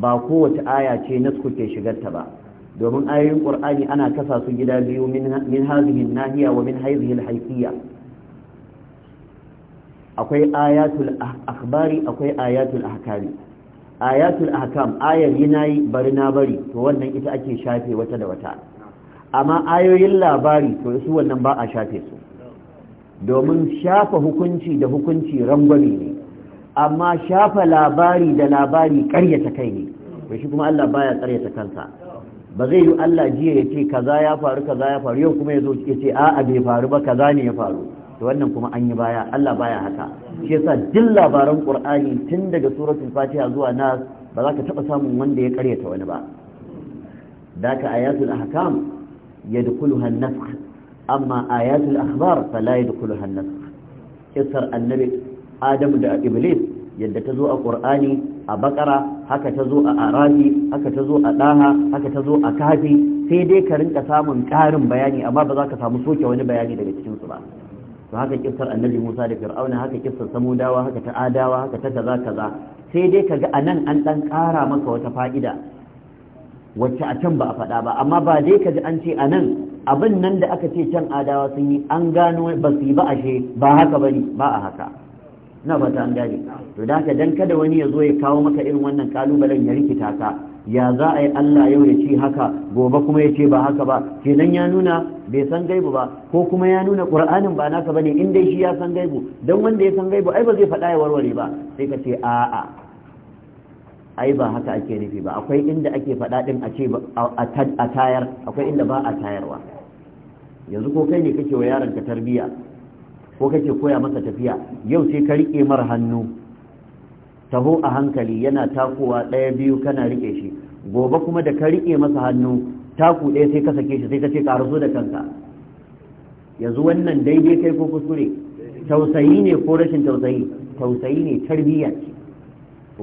ba kowace aya ce nasku ke shigarta ba domin ayoyin qur'ani ana kasa su gida biyu min min hadhihi nahiya wa min hadhihi al-haythiyya akwai ayatul akhbari akwai ayatul ahkami ayatul ahkam ayar yi bari na bari to wannan ita ake shafe wata da wata amma ayoyin labari to su wannan ba a shafe su domin shafa hukunci da hukunci rangwame ne amma shafa labari da labari karyata kai ne to shi kuma Allah baya karyata kansa ba zai yi Allah jiya ya ce kaza ya faru kaza ya faru yau kuma ya zo ya ce a'a bai faru ba kaza ne ya faru to wannan kuma an yi baya Allah baya haka shi yasa duk labaran Qur'ani tun daga suratul Fatiha zuwa Nas ba za ka taba samun wanda ya karyata wani ba daka ayatul ahkam yadkhuluha an-nafkh amma ayatul akhbar fala yadkhuluha an-nafkh kissar annabi Adam da Iblis yadda ta zo a Qur'ani a baƙara, haka ta zo a Arabi haka ta zo a Daha haka ta zo a Kafi sai dai ka rinka samun ƙarin bayani amma ba za ka samu soke wani bayani daga cikin su ba to haka kissar annabi Musa da Fir'auna haka kissar Samudawa haka ta Adawa haka ta kaza kaza sai dai kaga anan an dan kara maka wata fa'ida wacce a can ba a faɗa ba amma ba dai kaji an ce anan abin nan da aka ce can Adawa sun yi an gano ba su yi ba ashe ba haka bane ba a haka na fata an gane to da haka dan kada wani ya zo ya kawo maka irin wannan kalubalen ya rikita ka ya za a yi Allah yau ya ci haka gobe kuma ya ce ba haka ba kenan ya nuna bai san gaibu ba ko kuma ya nuna ƙur'anin ba naka bane in dai shi ya san gaibu Don wanda ya san gaibu ai ba zai faɗa ya warware ba sai ka ce a'a ai ba haka ake nufi ba akwai inda ake faɗa ɗin a ce a tayar akwai inda ba a tayarwa yanzu ko kai ne kake wa yaron ka tarbiya ko kake koya masa tafiya yau sai ka rike mar hannu taho a hankali yana takowa ɗaya biyu kana rike shi gobe kuma da ka rike masa hannu taku ɗaya sai ka sake shi sai ka ce ka so da kanka yanzu wannan daidai kai ko kuskure tausayi ne ko rashin tausayi tausayi ne tarbiyya ce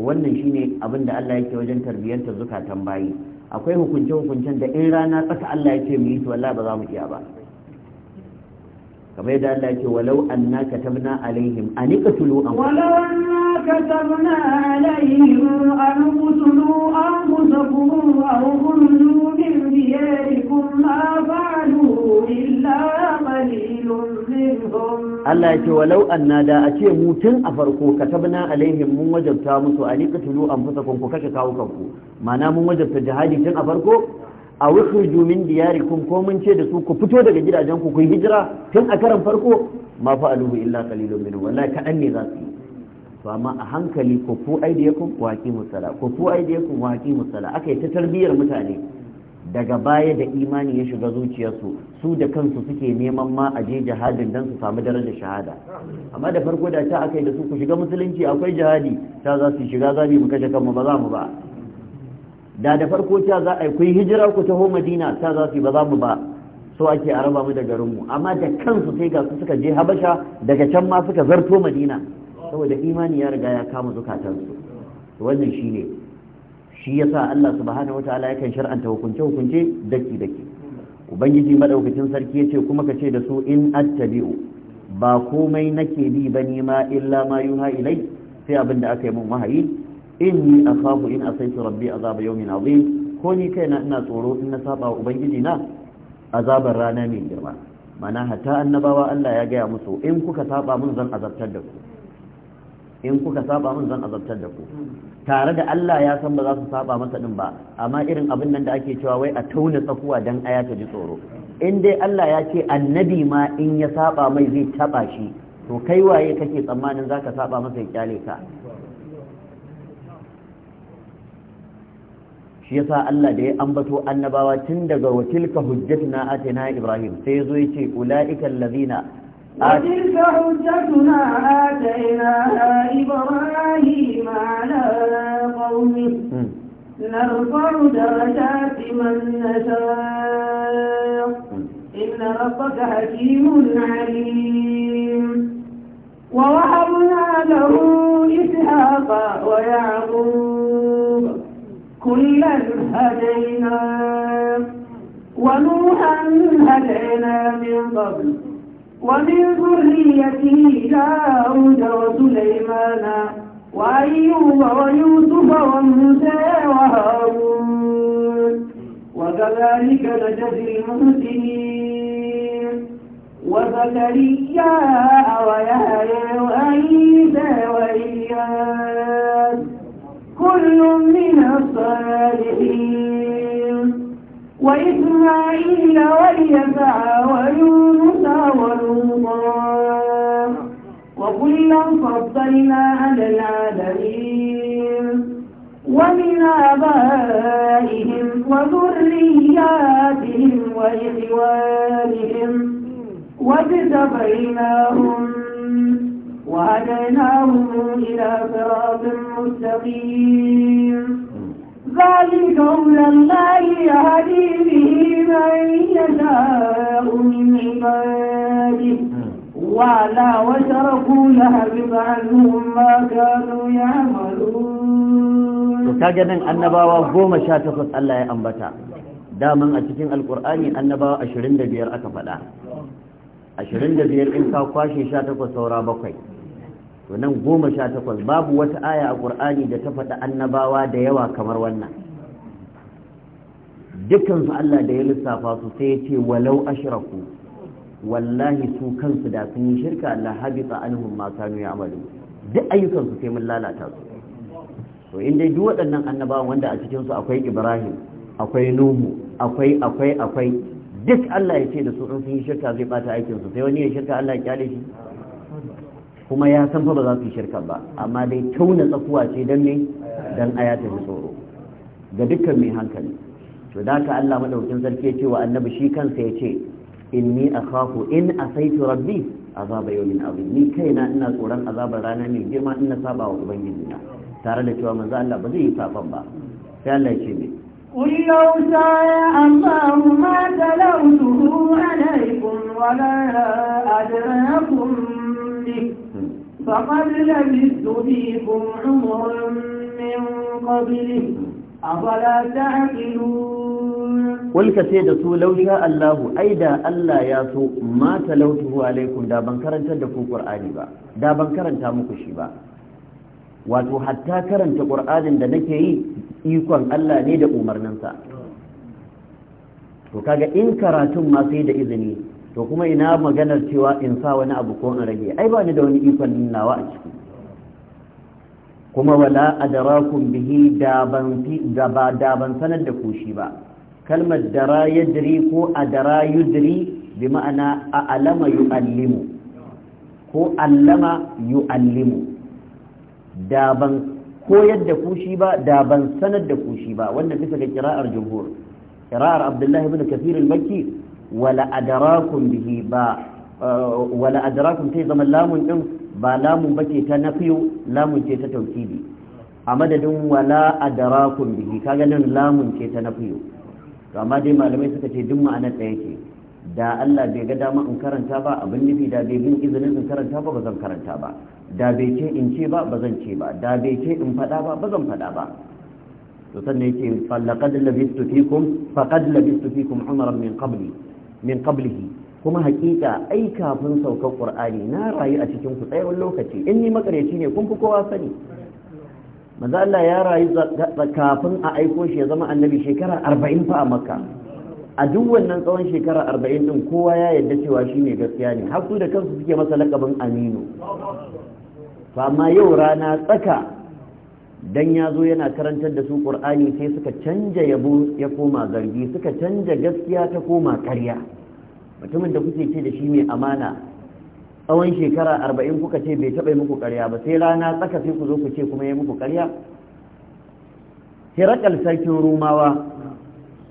wannan shine abin da Allah yake wajen tarbiyyantar zukatan bayi akwai hukunce hukuncen da in rana tsaka Allah yake mu yi su wallahi ba za mu iya ba kamar yadda Allah ke ce walau anna katabna alaihim an iqtulu an walau anna katabna alaihim an qutulu anfusakum aw khudhu min diyarikum ma fa'alu illa qalilun minhum Allah ya ce walau anna da a ce mu tun a farko katabna alaihim mun wajabta musu an iqtulu anfusakum ku kashe kawo kanku ma'ana mun wajabta jihadi tun a farko a wasu jumin diyarikum ko mun ce da su ku fito daga gidajen ku kun hijira tun a karan farko ma fa aluhu illa qalilun minhu wallahi dan ne za su yi to amma a hankali ku fu aidiyakum wa waki sala ku fu aidiyakum wa waki sala akai ta tarbiyar mutane daga baya da imani ya shiga zuciyarsu su da kansu suke neman ma a je jihadin dan su samu darajar shahada amma da farko da ta akai da su ku shiga musulunci akwai jihadi ta za su shiga zabi mu kashe kanmu ba za mu ba da da farko cewa za a yi hijira ku taho madina ta za su ba za mu ba so ake a raba mu da garinmu amma da kansu sai ga su suka je habasha daga can ma suka zarto madina saboda imani ya riga ya kama zukatansu wannan shine shi yasa Allah subhanahu wataala kan shar'anta hukunce hukunce daki daki ubangiji maɗaukacin sarki yace kuma ka ce da su in attabi'u ba komai nake bi ba ma illa ma yuha ilai sai abin da aka yi mun wahayi inni akhafu in asaitu rabbi azaba yawmin azim ko ni kaina ina tsoro in na saba wa ubangiji na azabar rana mai girma mana hatta annabawa Allah ya gaya musu in kuka saba mun zan azabtar da ku in kuka saba mun zan azabtar da ku tare da Allah ya san ba za su saba masa din ba amma irin abin nan da ake cewa wai a tauna tsakuwa dan aya ta ji tsoro in dai Allah ya ce annabi ma in ya saba mai zai taba shi to kai waye kake tsammanin zaka saba masa ya kyale ka shi yasa Allah da ya ambato annabawa tun daga watilka hujjatuna atina ibrahim sai yazo yace ulaika allazina وتلك حجتنا آتيناها إبراهيم على قومه نرفع درجات من نشاء إن ربك حكيم عليم ووهبنا له إسحاق ويعقوب كلا هدينا ونوحا هدينا من قبل ومن ذريته داود وسليمان وأيوب ويوسف وموسى وهارون وكذلك نجزي المحسنين وزكريا ويحيى وعيسى وإياس كل من الصالحين وإسماعيل وإيسع ويونس ولوطا وكلا فضلنا على العالمين ومن آبائهم وذرياتهم وإخوانهم واجتبيناهم وهديناهم إلى صراط مستقيم ذلك هدى الله يهدي به من يشاء من عباده وعلى وتركوا يهرب عنهم ما كانوا يعملون kaga nan annabawa goma sha takwas Allah ya ambata daman a cikin alkur'ani annabawa ashirin da biyar aka faɗa ashirin da biyar in ka kwashe sha takwas saura bakwai to nan goma sha takwas babu wata aya a ƙur'ani da ta faɗi annabawa da yawa kamar wannan dukansu Allah da ya lissafa su sai ya ce walau ashiraku wallahi su kansu da sun yi shirka Allah habita anhum ma kanu amalu duk ayyukansu sai mun lalata su to in dai duk waɗannan annabawan wanda a cikinsu akwai Ibrahim akwai Nuhu akwai akwai akwai duk Allah ya ce da su in sun yi shirka zai bata aikinsu, sai wani ya shirka Allah ya kyale shi kuma ya san fa ba za su yi shirka ba amma dai tauna tsakuwa ce don me don aya ta tsoro ga dukkan mai hankali to da ka Allah madaukin sarki ya wa annabi shi kansa ya ce inni akhafu in asaitu rabbi azaba yawmin azim ni kaina ina tsoron azabar rana mai girma in na saba wa ubangiji na tare da cewa manzo Allah ba zai yi safan ba sai Allah ya ce me قل لو شاء الله ما تلوته عليكم ولا أدراكم فقد لبثت فيكم عمرا من قبله أفلا تعقلون قل كسيدة لو شاء الله أيدا ألا ياسو ما تلوته عليكم دابن كرنت دفو قرآني با دابن كرنت مكشي با wato hatta karanta ƙur'anin da nake yi ikon Allah ne da umarninsa to kaga in karatun ma sai da izini to kuma ina maganar cewa in sa wani abu ko in rage ai ba ni da wani ikon nawa a ciki kuma wala adarakum bihi da ban da ban sanar da kushi ba kalmar dara yadri ko adara yudri bi ma'ana a alama yu yu'allimu ko allama yu yu'allimu da ban koyar da kushi ba da ban sanar da kushi ba Wannan bisa ga kira'ar jumhur kira'ar abdullahi ibn kathir al-makki wala adarakum bihi ba eh, wala adarakum sai zama lamun ɗin ba lamun bace ta nafiyu lamun ce ta taukibi a madadin wala adarakum bihi kaga nan lamun ce ta nafiyu to amma dai malamai suka ce duk ma'anar ɗaya ce da Allah bai ga dama in karanta ba abin nufi da bai bin izinin in karanta ba ba zan karanta ba da bai ce in ce ba ba zan ce ba da bai ce in faɗa ba ba zan faɗa ba to sannan yake fallaqad labistu fikum faqad labistu fikum umaran min qabli min qablihi kuma haƙiƙa ai kafin saukar qur'ani na rayu a cikin ku tsayawan lokaci in ni makareci ne kun fi kowa sani manzo Allah ya rayu kafin a aiko shi ya zama annabi shekara 40 fa a makka a duk wannan tsawon shekara 40 din kowa ya yadda cewa shi ne gaskiya ne har su da kansu suke masa lakabin aminu to amma yau rana tsaka dan ya zo yana karantar da su ƙur'ani sai suka canja yabo ya koma zargi suka canja gaskiya ta koma ƙarya mutumin da kuke ce da shi mai amana tsawon shekara arba'in kuka ce bai taɓa muku ƙarya ba sai rana tsaka sai ku zo ku ce kuma ya muku ƙarya hirakal sarkin rumawa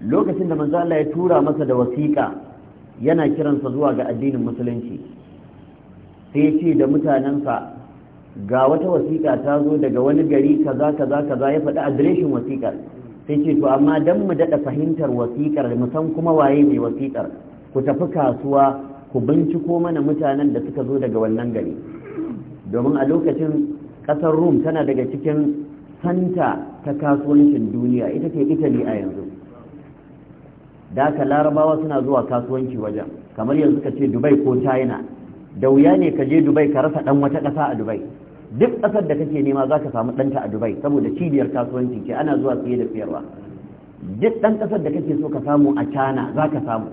lokacin da manzo Allah ya tura masa da wasiƙa yana kiransa zuwa ga addinin musulunci sai ya ce da mutanensa ga wata wasiƙa ta zo daga wani gari kaza kaza kaza ya faɗi adireshin wasiƙar sai ce to amma dan mu daɗa fahimtar wasiƙar mu san kuma waye mai wasiƙar ku tafi kasuwa ku binciko mana mutanen da suka zo daga wannan gari domin a lokacin ƙasar rum tana daga cikin santa ta kasuwancin duniya ita ce italy a yanzu da ka larabawa suna zuwa kasuwanci wajen kamar yanzu ka ce dubai ko china da wuya ne ka je dubai ka rasa ɗan wata ƙasa a dubai duk ƙasar da kake nema za ka samu ɗanta a dubai saboda cibiyar kasuwanci ce ana zuwa siye da siyarwa duk ɗan ƙasar da kake so ka samu a cana za ka samu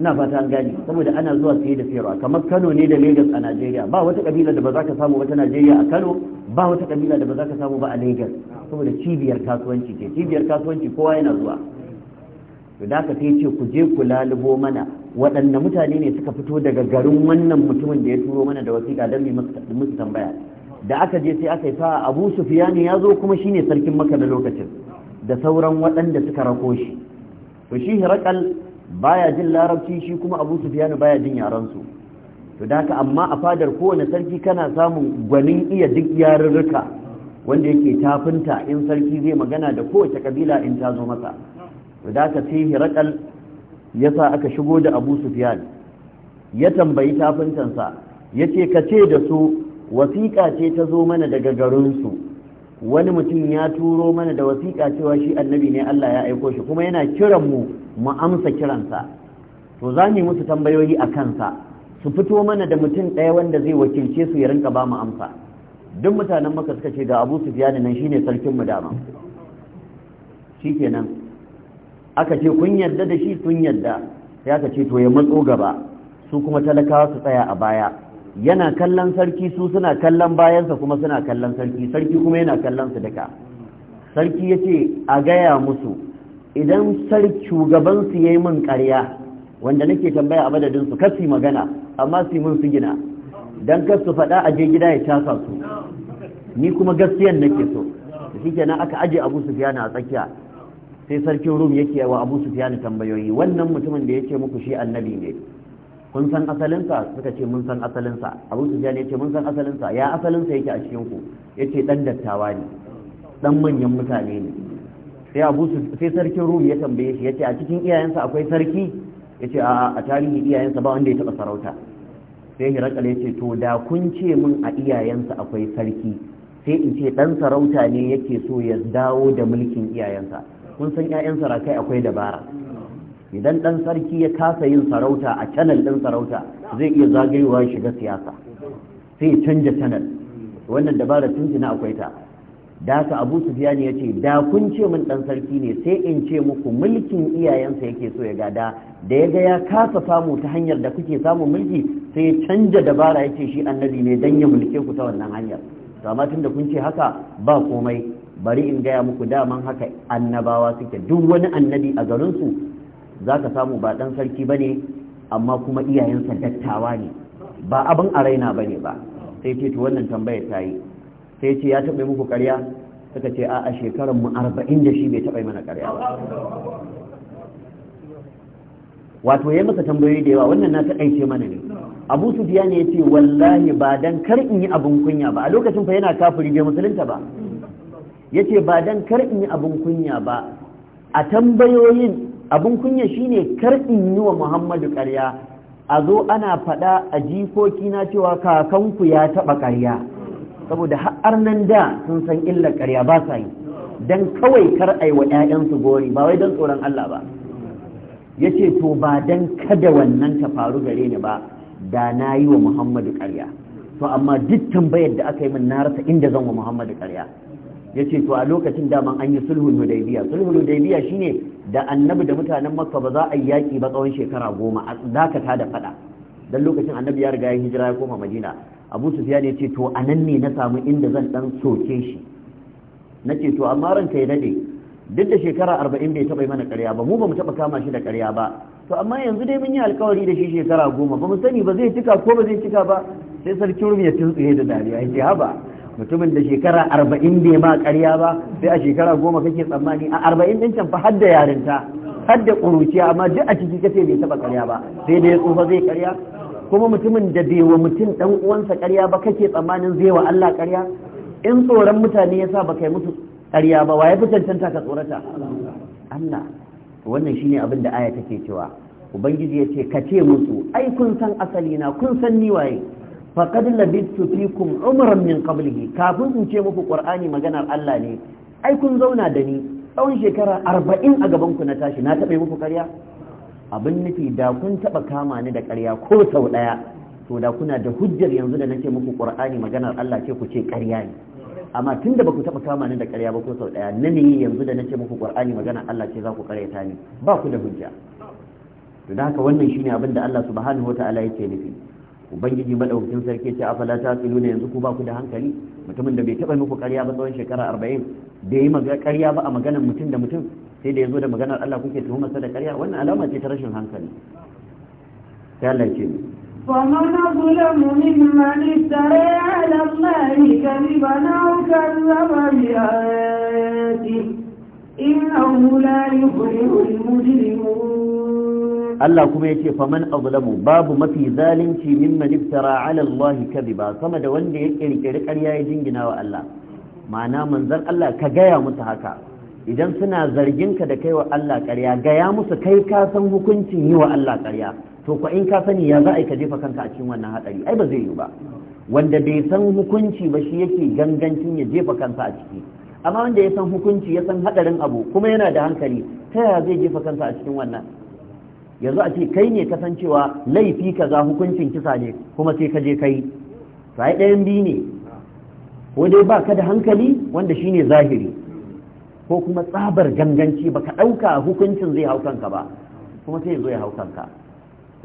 ina fata an gani saboda ana zuwa siye da siyarwa kamar kano ne da legas a najeriya ba wata ƙabila da ba za ka samu ba najeriya a kano ba wata ƙabila da ba za ka samu ba a legas saboda cibiyar kasuwanci ce cibiyar kasuwanci kowa yana zuwa to da ka ce ku je ku lalubo mana waɗanne mutane ne suka fito daga garin wannan mutumin da ya turo mana da wasiƙa don musu tambaya da aka je sai aka yi sa abu sufiyani ya zo kuma shine sarkin maka da lokacin da sauran waɗanda suka rako shi to shi hirakal baya jin larabci shi kuma abu sufiyani baya jin yaransu to da haka amma a fadar kowane sarki kana samun gwanin iya duk yarurruka wanda yake tafinta in sarki zai magana da kowace kabila in ta zo masa da ka sai hirakal ya aka shigo da abu Sufyan ya tambayi tafintansa sa yace ka ce da su wasiƙa ce ta zo mana daga garin su wani mutum ya turo mana da wasiƙa cewa shi annabi ne Allah ya aiko shi kuma yana kiran mu mu amsa kiransa to za musu tambayoyi akan sa su fito mana da mutum ɗaya wanda zai wakilce su ya rinka ba mu amsa duk mutanen maka suka ce ga abu Sufyan nan shine sarkin mu dama shikenan aka ce kun yarda da shi sun yarda. sai aka ce to ya matso gaba su kuma talakawa su tsaya a baya yana kallon sarki su suna kallon bayansa kuma suna kallon sarki sarki kuma yana kallon su duka sarki ya ce a gaya musu idan su ya yi min karya wanda nake tambaya a madadin su kasi magana amma su mun su gina don kasu faɗa a je gida ya casa su ni kuma gaskiyan nake so da shi kenan aka aje abu su a tsakiya sai sarkin rum yake wa abu sufyan tambayoyi wannan mutumin da yake muku shi annabi ne kun san asalinsa suka ce mun san asalinsa abu sufyan yace ce mun san asalinsa ya asalinsa yake a cikin ku yace dan dattawa ne dan manyan mutane ne sai abu sai sarkin rum ya tambaye shi yace a cikin iyayensa akwai sarki yace a a tarihi iyayensa ba wanda ya taba sarauta sai hirakal yace to da kun ce mun a iyayensa akwai sarki sai in ce dan sarauta ne yake so ya dawo da mulkin iyayensa kun san 'ya'yan sarakai akwai dabara idan ɗan sarki ya kasa yin sarauta a canal ɗin sarauta zai iya zagayowa shiga siyasa sai ya canja canal wannan dabara tun tuna akwai ta da abu sufiyan ya ce da kun ce min ɗan sarki ne sai in ce muku mulkin iyayensa yake so ya gada da ya ga ya kasa samu ta hanyar da kuke samun mulki sai ya canja dabara ya ce shi annabi ne dan ya mulke ku ta wannan hanyar to amma tun da kun ce haka ba komai bari in gaya muku daman haka annabawa suke duk wani annabi a garinsu za ka samu ba ɗan sarki ba ne amma kuma iyayensa dattawa ne ba abin a raina ba ne ba sai ce to wannan tambaya ta yi sai ce ya taɓa muku ƙarya suka ce a a shekarar mu arba'in da shi bai taɓa mana ƙarya ba wato ya masa tambayoyi da yawa wannan na taƙaice mana ne abu sufiya ne ya ce wallahi ba dan kar in yi abin kunya ba a lokacin fa yana kafiri bai musulunta ba yace ba dan kar in yi abin kunya ba a tambayoyin abin kunya shine kar in yi wa Muhammadu ƙarya a zo ana faɗa a jikoki na cewa kakanku ya taɓa ƙarya saboda har nan da sun san illar ƙarya ba sa yi dan kawai kar ai wa 'ya'yansu gori ba wai dan tsoron Allah ba yace to ba dan kada wannan ta faru gare ni ba da na yi wa Muhammadu ƙarya to amma duk tambayar da aka yi min na rasa inda zan wa Muhammadu ƙarya ya ce to a lokacin daman an yi sulhul hudaybiya sulhul hudaybiya shine da annabi da mutanen makka ba za a yi yaki ba tsawon shekara goma a dakata da faɗa dan lokacin annabi ya riga ya hijira ya koma madina abu sufyan ya ce to anan nan ne na samu inda zan dan soke shi Nace ce to amma ranka ya dade duk da shekara arba'in bai taba mana ƙarya ba mu ba mu taɓa kama shi da ƙarya ba to amma yanzu dai mun yi alkawari da shi shekara goma ba mu sani ba zai cika ko ba zai cika ba sai sarki rum ya tuntsuye da dariya ya ce haba mutumin da shekara arba'in bai ma karya ba sai a shekara goma kake tsammani a arba'in ɗin can fa har da yarinta har da ƙuruciya amma duk a ciki kace bai taɓa karya ba sai da ya tsufa zai karya kuma mutumin da bai wa mutum ɗan uwansa karya ba kake tsammanin zai wa Allah karya in tsoron mutane yasa ba kai mutu karya ba ya fi cancanta ka tsorata Allah wannan shine abin da aya take cewa ubangiji ya ce ka ce musu ai kun san asali na kun san ni waye faqad labittu fikum umran min qablihi kafin in ce muku qur'ani maganar Allah ne ai kun zauna da ni tsawon shekara arba'in a gaban ku na tashi na taɓa muku ƙarya abin nufi da kun taɓa kama ni da ƙarya ko sau ɗaya to da kuna da hujjar yanzu da nake muku qur'ani maganar Allah ce ku ce ƙarya ne amma tun da ba ku taɓa kama ni da ƙarya ba ko sau ɗaya na ne yanzu da nake muku qur'ani maganar Allah ce za ku ƙaryata ni ba ku da hujja to da haka wannan shine abin da Allah subhanahu wa ta'ala yake nufi ubangiji madaukakin sarki ce a ta tsilu ne yanzu ku ba ku da hankali mutumin da bai taba muku karya ba tsawon shekara arba'in da yi ƙarya ba a maganar mutum da mutum sai da ya zo da maganar Allah kuke tuhumarsa da ƙarya wannan alama ce ta rashin hankali ta Allah ce ومن أظلم ممن افترى على الله كذبا أو كذب بآياته إنه لا المجرمون Allah kuma yace faman azlamu babu mafi zalunci mimman iftara ala Allah kadhiba sama da wanda ya kirkiri ƙarya ya jingina wa Allah ma'ana manzon Allah ka gaya musu haka idan suna zargin ka da kai wa Allah ƙarya gaya musu kai ka san hukuncin yi wa Allah ƙarya to ko in ka sani ya za a yi ka jefa kanka a cikin wannan hatsari ai ba zai yi ba wanda bai san hukunci ba shi yake gangancin ya jefa kansa a ciki amma wanda ya san hukunci ya san hadarin abu kuma yana da hankali ta yaya zai jefa kansa a cikin wannan yanzu a ce kai ne kasancewa laifi kaza hukuncin kisa ne kuma sai ka je kai sai ɗayan biyu ne ko dai ba ka da hankali wanda shine zahiri ko kuma tsabar ganganci ba ka ɗauka hukuncin zai hau kanka ba kuma sai zo ya hau kanka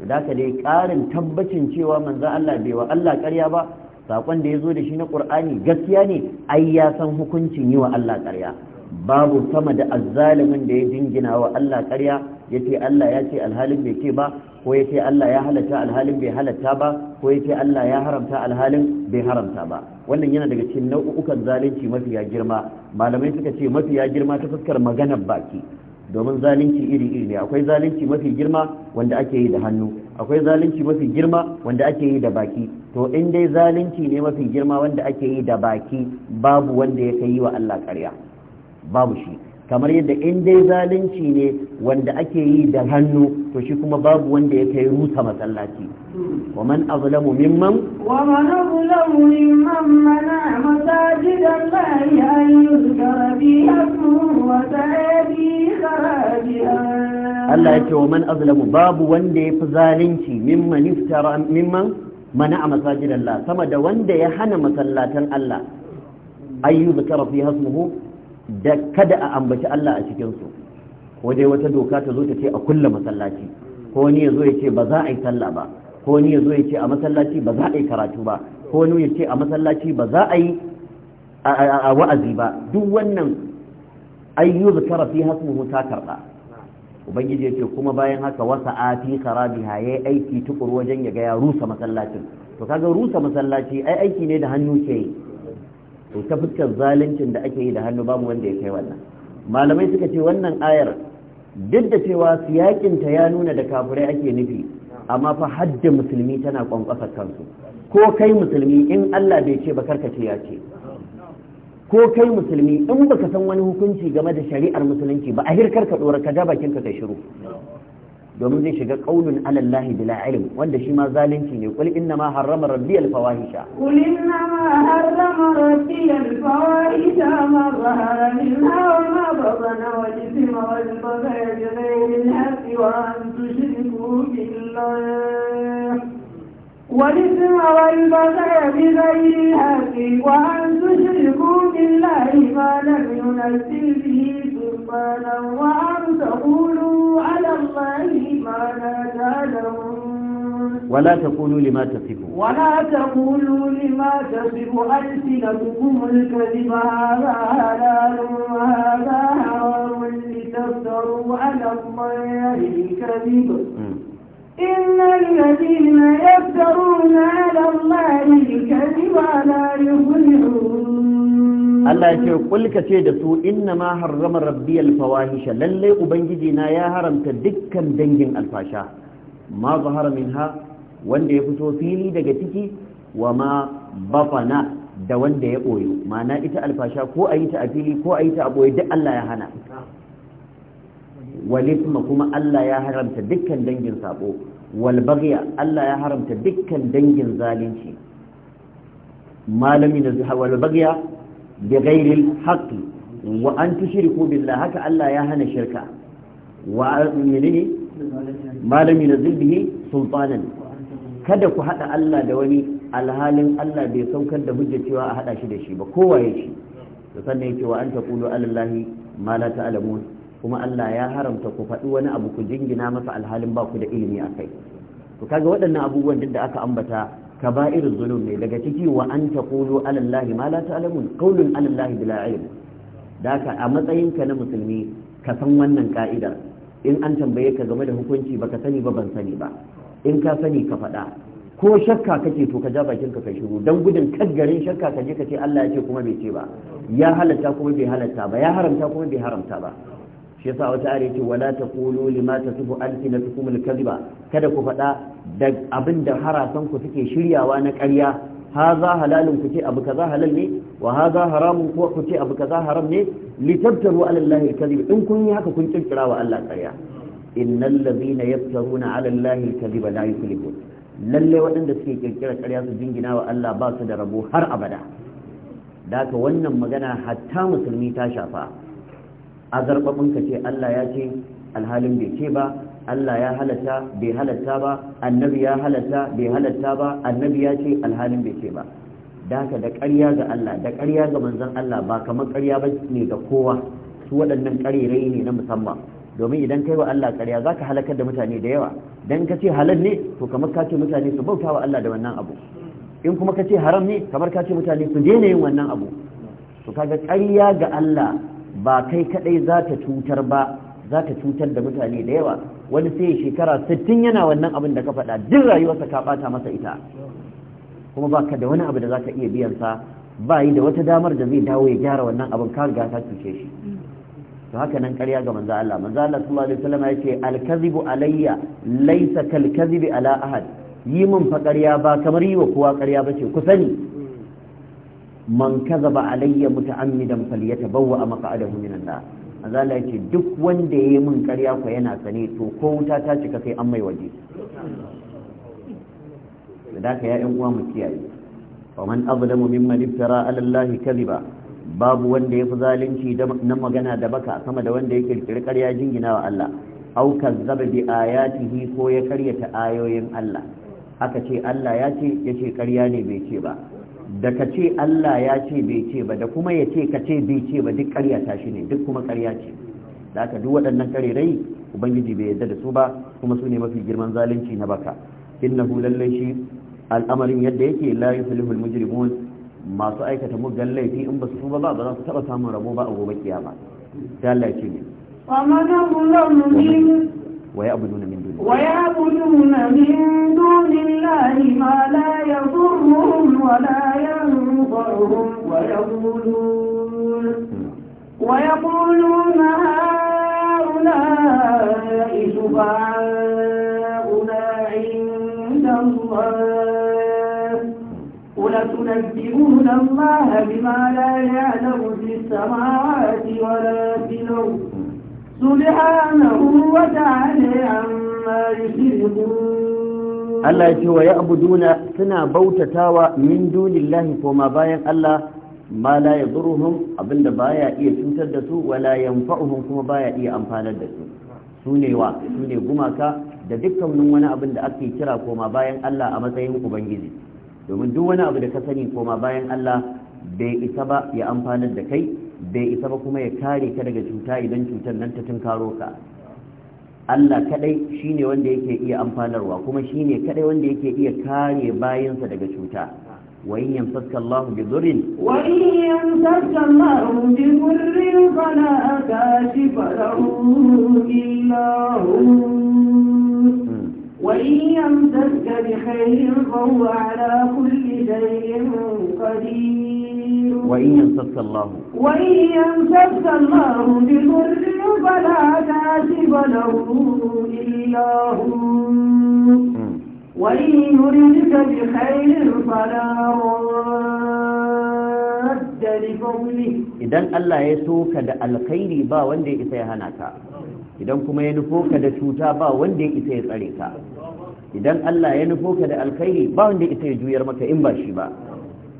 da ka dai ƙarin tabbacin cewa manzan Allah bai wa Allah ƙarya ba saƙon da ya zo da shi na ƙur'ani gaskiya ne ai ya san hukuncin yi wa Allah ƙarya babu sama da azzalimin da ya jingina wa Allah ƙarya ya ce Allah ya ce alhalin bai ce ba ko ya ce Allah ya halatta alhalin bai halatta ba ko ya ce Allah ya haramta alhalin bai haramta ba wannan yana daga cikin nau'ukan zalunci mafiya girma malamai suka ce mafi ya girma ta fuskar maganar baki domin zalunci iri-iri ne akwai zalunci mafi girma wanda ake yi da hannu akwai zalunci mafi girma wanda ake yi da baki to in dai zalunci ne mafi girma wanda ake yi da baki babu wanda ya kai yi wa Allah ƙarya babu shi kamar yadda in dai zalunci ne wanda ake yi da hannu to shi kuma babu wanda ya kai rusa masallaci wa man azlamu mimman wa man azlamu mimman mana masajidan lahi an yuzkara bi wa ta'adi kharajiha Allah yake wa man azlamu babu wanda ya fi zalunci mimman iftara mimman mana a masajidan Allah sama da wanda ya hana masallatan Allah ayyuzkara fi hasmuhu da kada a ambaci Allah a cikinsu ko dai wata doka ta zo ta ce a kulle masallaci ko wani ya zo ya ce ba za a yi sallah ba ko wani ya zo ya ce a masallaci ba za a yi karatu ba ko wani ya ce a masallaci ba za a yi a wa'azi ba duk wannan ayyu zikara fi hasmuhu ta karba ubangiji ya ce kuma bayan haka wasa ati kharabiha yayi aiki tuƙuru, wajen ya ga ya rusa masallacin to kaga rusa masallaci ai aiki ne da hannu ke yi to ta fuskar zaluncin da ake yi da hannu babu wanda ya kai wannan malamai suka ce wannan ayar duk da cewa ta ya nuna da kafirai ake nufi amma fa hadda musulmi tana kwankwasa kansu ko kai musulmi in Allah bai ce ba karkace ya ce ko kai musulmi in baka san wani hukunci game da shari'ar musulunci ba a hirkar ka dora ka ja bakin ka kai shiru domin zai shiga qaulun ala Allah bila ilm wanda shi ma zalunci ne kul inna ma harrama rabbi al fawahisha kul inna ma harrama rabbi al fawahisha ma zahara minha wa ma batana wa jisma wal baghy bi ghayri al haqqi wa an tushriku billah والإثم والبغي بغير الحق وأن تشركوا بالله ما لم ينزل به سلطانا وأن تقولوا على الله ما لا تعلمون ولا تقولوا لما تصفوا ولا تقولوا لما تصفوا ألسنتكم الكذب هذا حلال وهذا حرام لتفتروا على الله الكذب إن الذين يفترون على الله الكذب لا يفلحون Allah ya ce kulka ce da su inna ma harrama rabbi alfawahisha lalle ubangiji na ya haramta dukkan dangin alfasha ma zahara minha wanda ya fito fili daga ciki wa ma bafana da wanda ya boyo mana ita alfasha ko a yi ta a fili ko a yi ta a boye duk Allah ya hana walisma kuma Allah ya haramta dukkan dangin sabo wal Allah ya haramta dukkan dangin zalunci malami da wal bagya bi ghairi al wa an tushriku billah haka Allah ya hana shirka wa menene malami da zulbihi sultanan kada ku hada Allah da wani alhalin Allah bai saukar da hujja cewa a hada shi da shi ba kowaye shi sannan yake wa an taqulu alallahi ma la ta'lamun kuma Allah ya haramta ku faɗi wani abu ku jingina masa alhalin ba ku da ilimi a kai Ku kaga waɗannan abubuwan duk da aka ambata kaba'irul zulum ne daga ciki wa an taqulu ala allahi ma la ta'lamun qawlun ala bila ilm daka a matsayinka na musulmi ka san wannan ka'idar in an tambaye ka game da hukunci baka sani ba ban sani ba in ka sani ka faɗa ko shakka kake to ka ja bakin ka kai shiru dan gudun kaggarin shakka ka je ka ce Allah ya ce kuma bai ce ba ya halatta kuma bai halatta ba ya haramta kuma bai haramta ba shi yasa wata are ce wala taqulu lima tasifu alsinatukum alkaziba kada ku faɗa da abinda harasan ku suke shiryawa na ƙarya haza halalun ku ce abu kaza halal ne wa haza haramun ku ce abu kaza haram ne litabtaru ala allahi alkazib in kun yi haka kun kirkira wa Allah ƙarya innal ladhina yaftaruna ala allahi alkaziba la yuflihun lalle waɗanda suke kirkira ƙarya su jingina wa Allah ba su da rabo har abada da wannan magana hatta musulmi ta shafa a zarɓaɓin ka ce Allah ya ce alhalin bai ce ba Allah ya halatta bai halatta ba annabi ya halatta bai halatta ba annabi ya ce alhalin bai ce ba da da ƙarya ga Allah da ƙarya ga manzon Allah ba kamar ƙarya ba ne ga kowa su waɗannan ƙarerai ne na musamman domin idan kai wa Allah ƙarya za ka halakar da mutane da yawa dan ka ce halal ne to kamar ka ce mutane su bauta wa Allah da wannan abu in kuma ka ce haram ne kamar ka ce mutane su daina yin wannan abu to kaga ƙarya ga Allah ba kai kadai za ta cutar ba za ta cutar da mutane da yawa wani sai shekara 60 yana wannan abin da ka faɗa duk rayuwarsa ka ɓata masa ita kuma ba ka da wani abu da za ka iya biyan sa ba yi da wata damar da zai dawo ya gyara wannan abin ka riga ta cuce shi to haka nan ƙarya ga manzo Allah manzo Allah sallallahu alaihi wasallam yace al-kadhibu alayya laysa kal-kadhibi ala ahad yi min fa ƙarya ba kamar yi wa kowa ƙarya bace ku sani man kazaba alayya muta'ammidan falyatabawwa maq'adahu minan nar azala ce duk wanda yayi min karya ko yana sane to ko wuta ta cika sai an mai waje da ka ya yan uwa mu kiyaye wa man azlamu mimman iftara ala allahi kadhiba babu wanda yafi zalunci na magana da baka sama da wanda ya kirkiri ƙarya jingina wa Allah aw kazzaba bi ayatihi ko ya karyata ayoyin Allah aka ce Allah ya ce yace ƙarya ne bai ce ba da ka ce Allah ya ce bai ce ba da kuma ya ce ka ce bai ce ba duk karya ta shi ne duk kuma ƙarya ce da aka duk waɗannan rai ubangiji bai yarda da su ba kuma su ne mafi girman zalunci na baka hu lallai shi al'amarin yadda yake la yuflihul mujrimun masu aikata muggan laifi in ba su tuba ba ba za su taba samun rabo ba a gobe kiyama da Allah ya ce ne wa man yaqulu min wa ويعبدون من دون الله ما لا يضرهم ولا ينفعهم ويقولون ويقولون هؤلاء شفعاؤنا عند الله تنبئون الله بما لا يعلم في السماوات ولا في الأرض سبحانه وتعالى عما Allah ya ce wa abu suna bautatawa min dunillahi ko ma bayan Allah ma la yadhurruhum abinda ya iya cutar da su wala yanfa'uhum kuma ba ya iya amfanar da su ne wa su ne gumaka da dukkan wani abin da ake kira koma bayan Allah a matsayin ubangiji domin duk wani abu da ka sani koma bayan Allah bai isa ba ya amfanar da kai bai isa ba kuma ya kare ka daga cuta idan cutar nan ta tunkaro ka Allah kadai ne wanda yake iya amfanarwa kuma ne kadai wanda yake iya kare bayansa daga cuta wa in yamsaka Allah bi dhurrin wa in yamsaka Allah bi dhurrin fala kashifa lahu illa hu hmm. wa in yamsaka bi وإن يمسك الله وإن يمسك الله بضر فلا كاشف له إلا هو وإن يردك بخير فلا رد لفضله إذن الله يسوك الخير با وندي إسيهانك idan kuma ya nufo ka da cuta ba wanda ya isa ya tsare ka idan Allah ya nufo ka da alkhairi ba wanda ya isa ya juyar maka in ba shi ba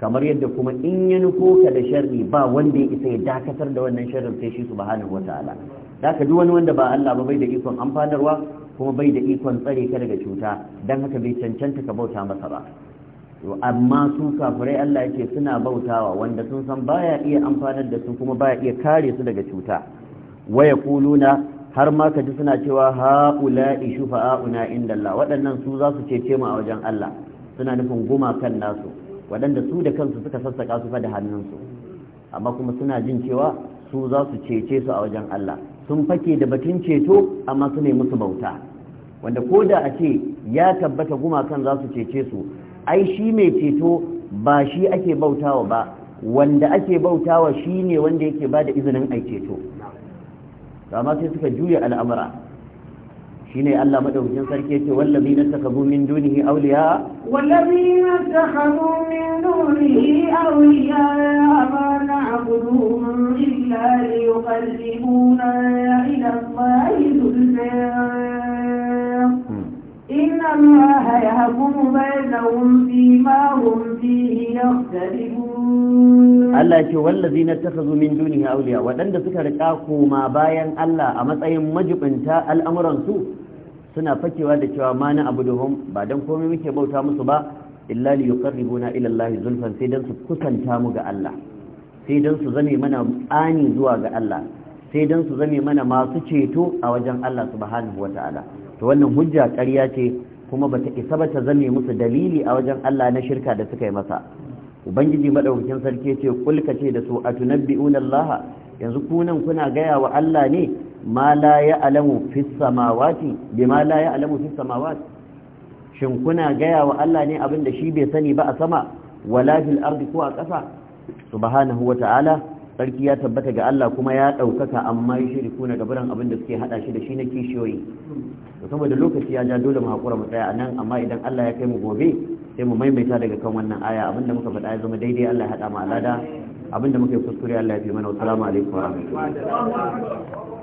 kamar yadda kuma in ya nufo ka da sharri ba wanda ya isa ya dakatar da wannan sharrin sai shi subhanahu wataala da ka duk wani wanda ba Allah ba bai da ikon amfanarwa kuma bai da ikon tsare ka daga cuta dan haka bai cancanta ka bauta masa ba to amma su kafirai Allah yake suna bautawa wanda sun san baya iya amfanar da su kuma baya iya kare su daga cuta waya kuluna har ma ka ji suna cewa haula'i shufa'auna inda Allah waɗannan su za su cece mu a wajen Allah suna nufin gumakan nasu waɗanda su da kansu suka sassaƙa su fa da hannunsu amma kuma suna jin cewa su za su cece su a wajen Allah sun fake da batun ceto amma su ne musu bauta wanda ko da a ce ya tabbata gumakan za su cece su ai shi mai ceto ba shi ake bautawa ba wanda ake bautawa shi ne wanda yake ba da izinin ai ceto amma sai suka juya al'amura shine Allah madaukakin sarki yake wallazi na takabu min dunihi awliya wallazi na takabu min dunihi awliya ma na'buduhum illa liyuqarribuna ila Allah zulfa إن الله يحكم بينهم فيما هم فيه يختلفون Allah ce wallazi na tafazu min dunihi waɗanda suka riƙa koma bayan Allah a matsayin majibinta al'amuransu suna fakewa da cewa ma na abu abuduhum ba dan komai muke bauta musu ba illa li yuqarribuna ila ilallahi zulfan sai don su kusanta mu ga Allah sai don su zame mana ani zuwa ga Allah sai don su zame mana masu ceto a wajen Allah subhanahu wataala to wannan hujja ƙarya ce kuma bata isa ba ta zame musu dalili a wajen Allah na shirka da suka yi masa ubangiji madaukakin sarki ce kulka ce da su a atunabbi'una allaha yanzu kunan kuna gaya wa Allah ne ma la alamu fis samawati ma la ya'lamu fis samawati shin kuna gaya wa Allah ne abin da shi bai sani ba a sama wala fil ardi ko a ƙasa subhanahu ta'ala sarki ya tabbata ga Allah kuma ya ɗaukaka amma ya shiri kuna gabaran abin da suke hada shi da shi na kishiyoyi saboda lokaci ya ja dole mu hakura mu tsaya a nan amma idan Allah ya kai mu gobe sai mu maimaita daga kan wannan aya abinda muka faɗa ya zama daidai Allah ya haɗa mu alada abinda muka yi kuskure Allah ya fi mana salamu alaikum wa rahmatullahi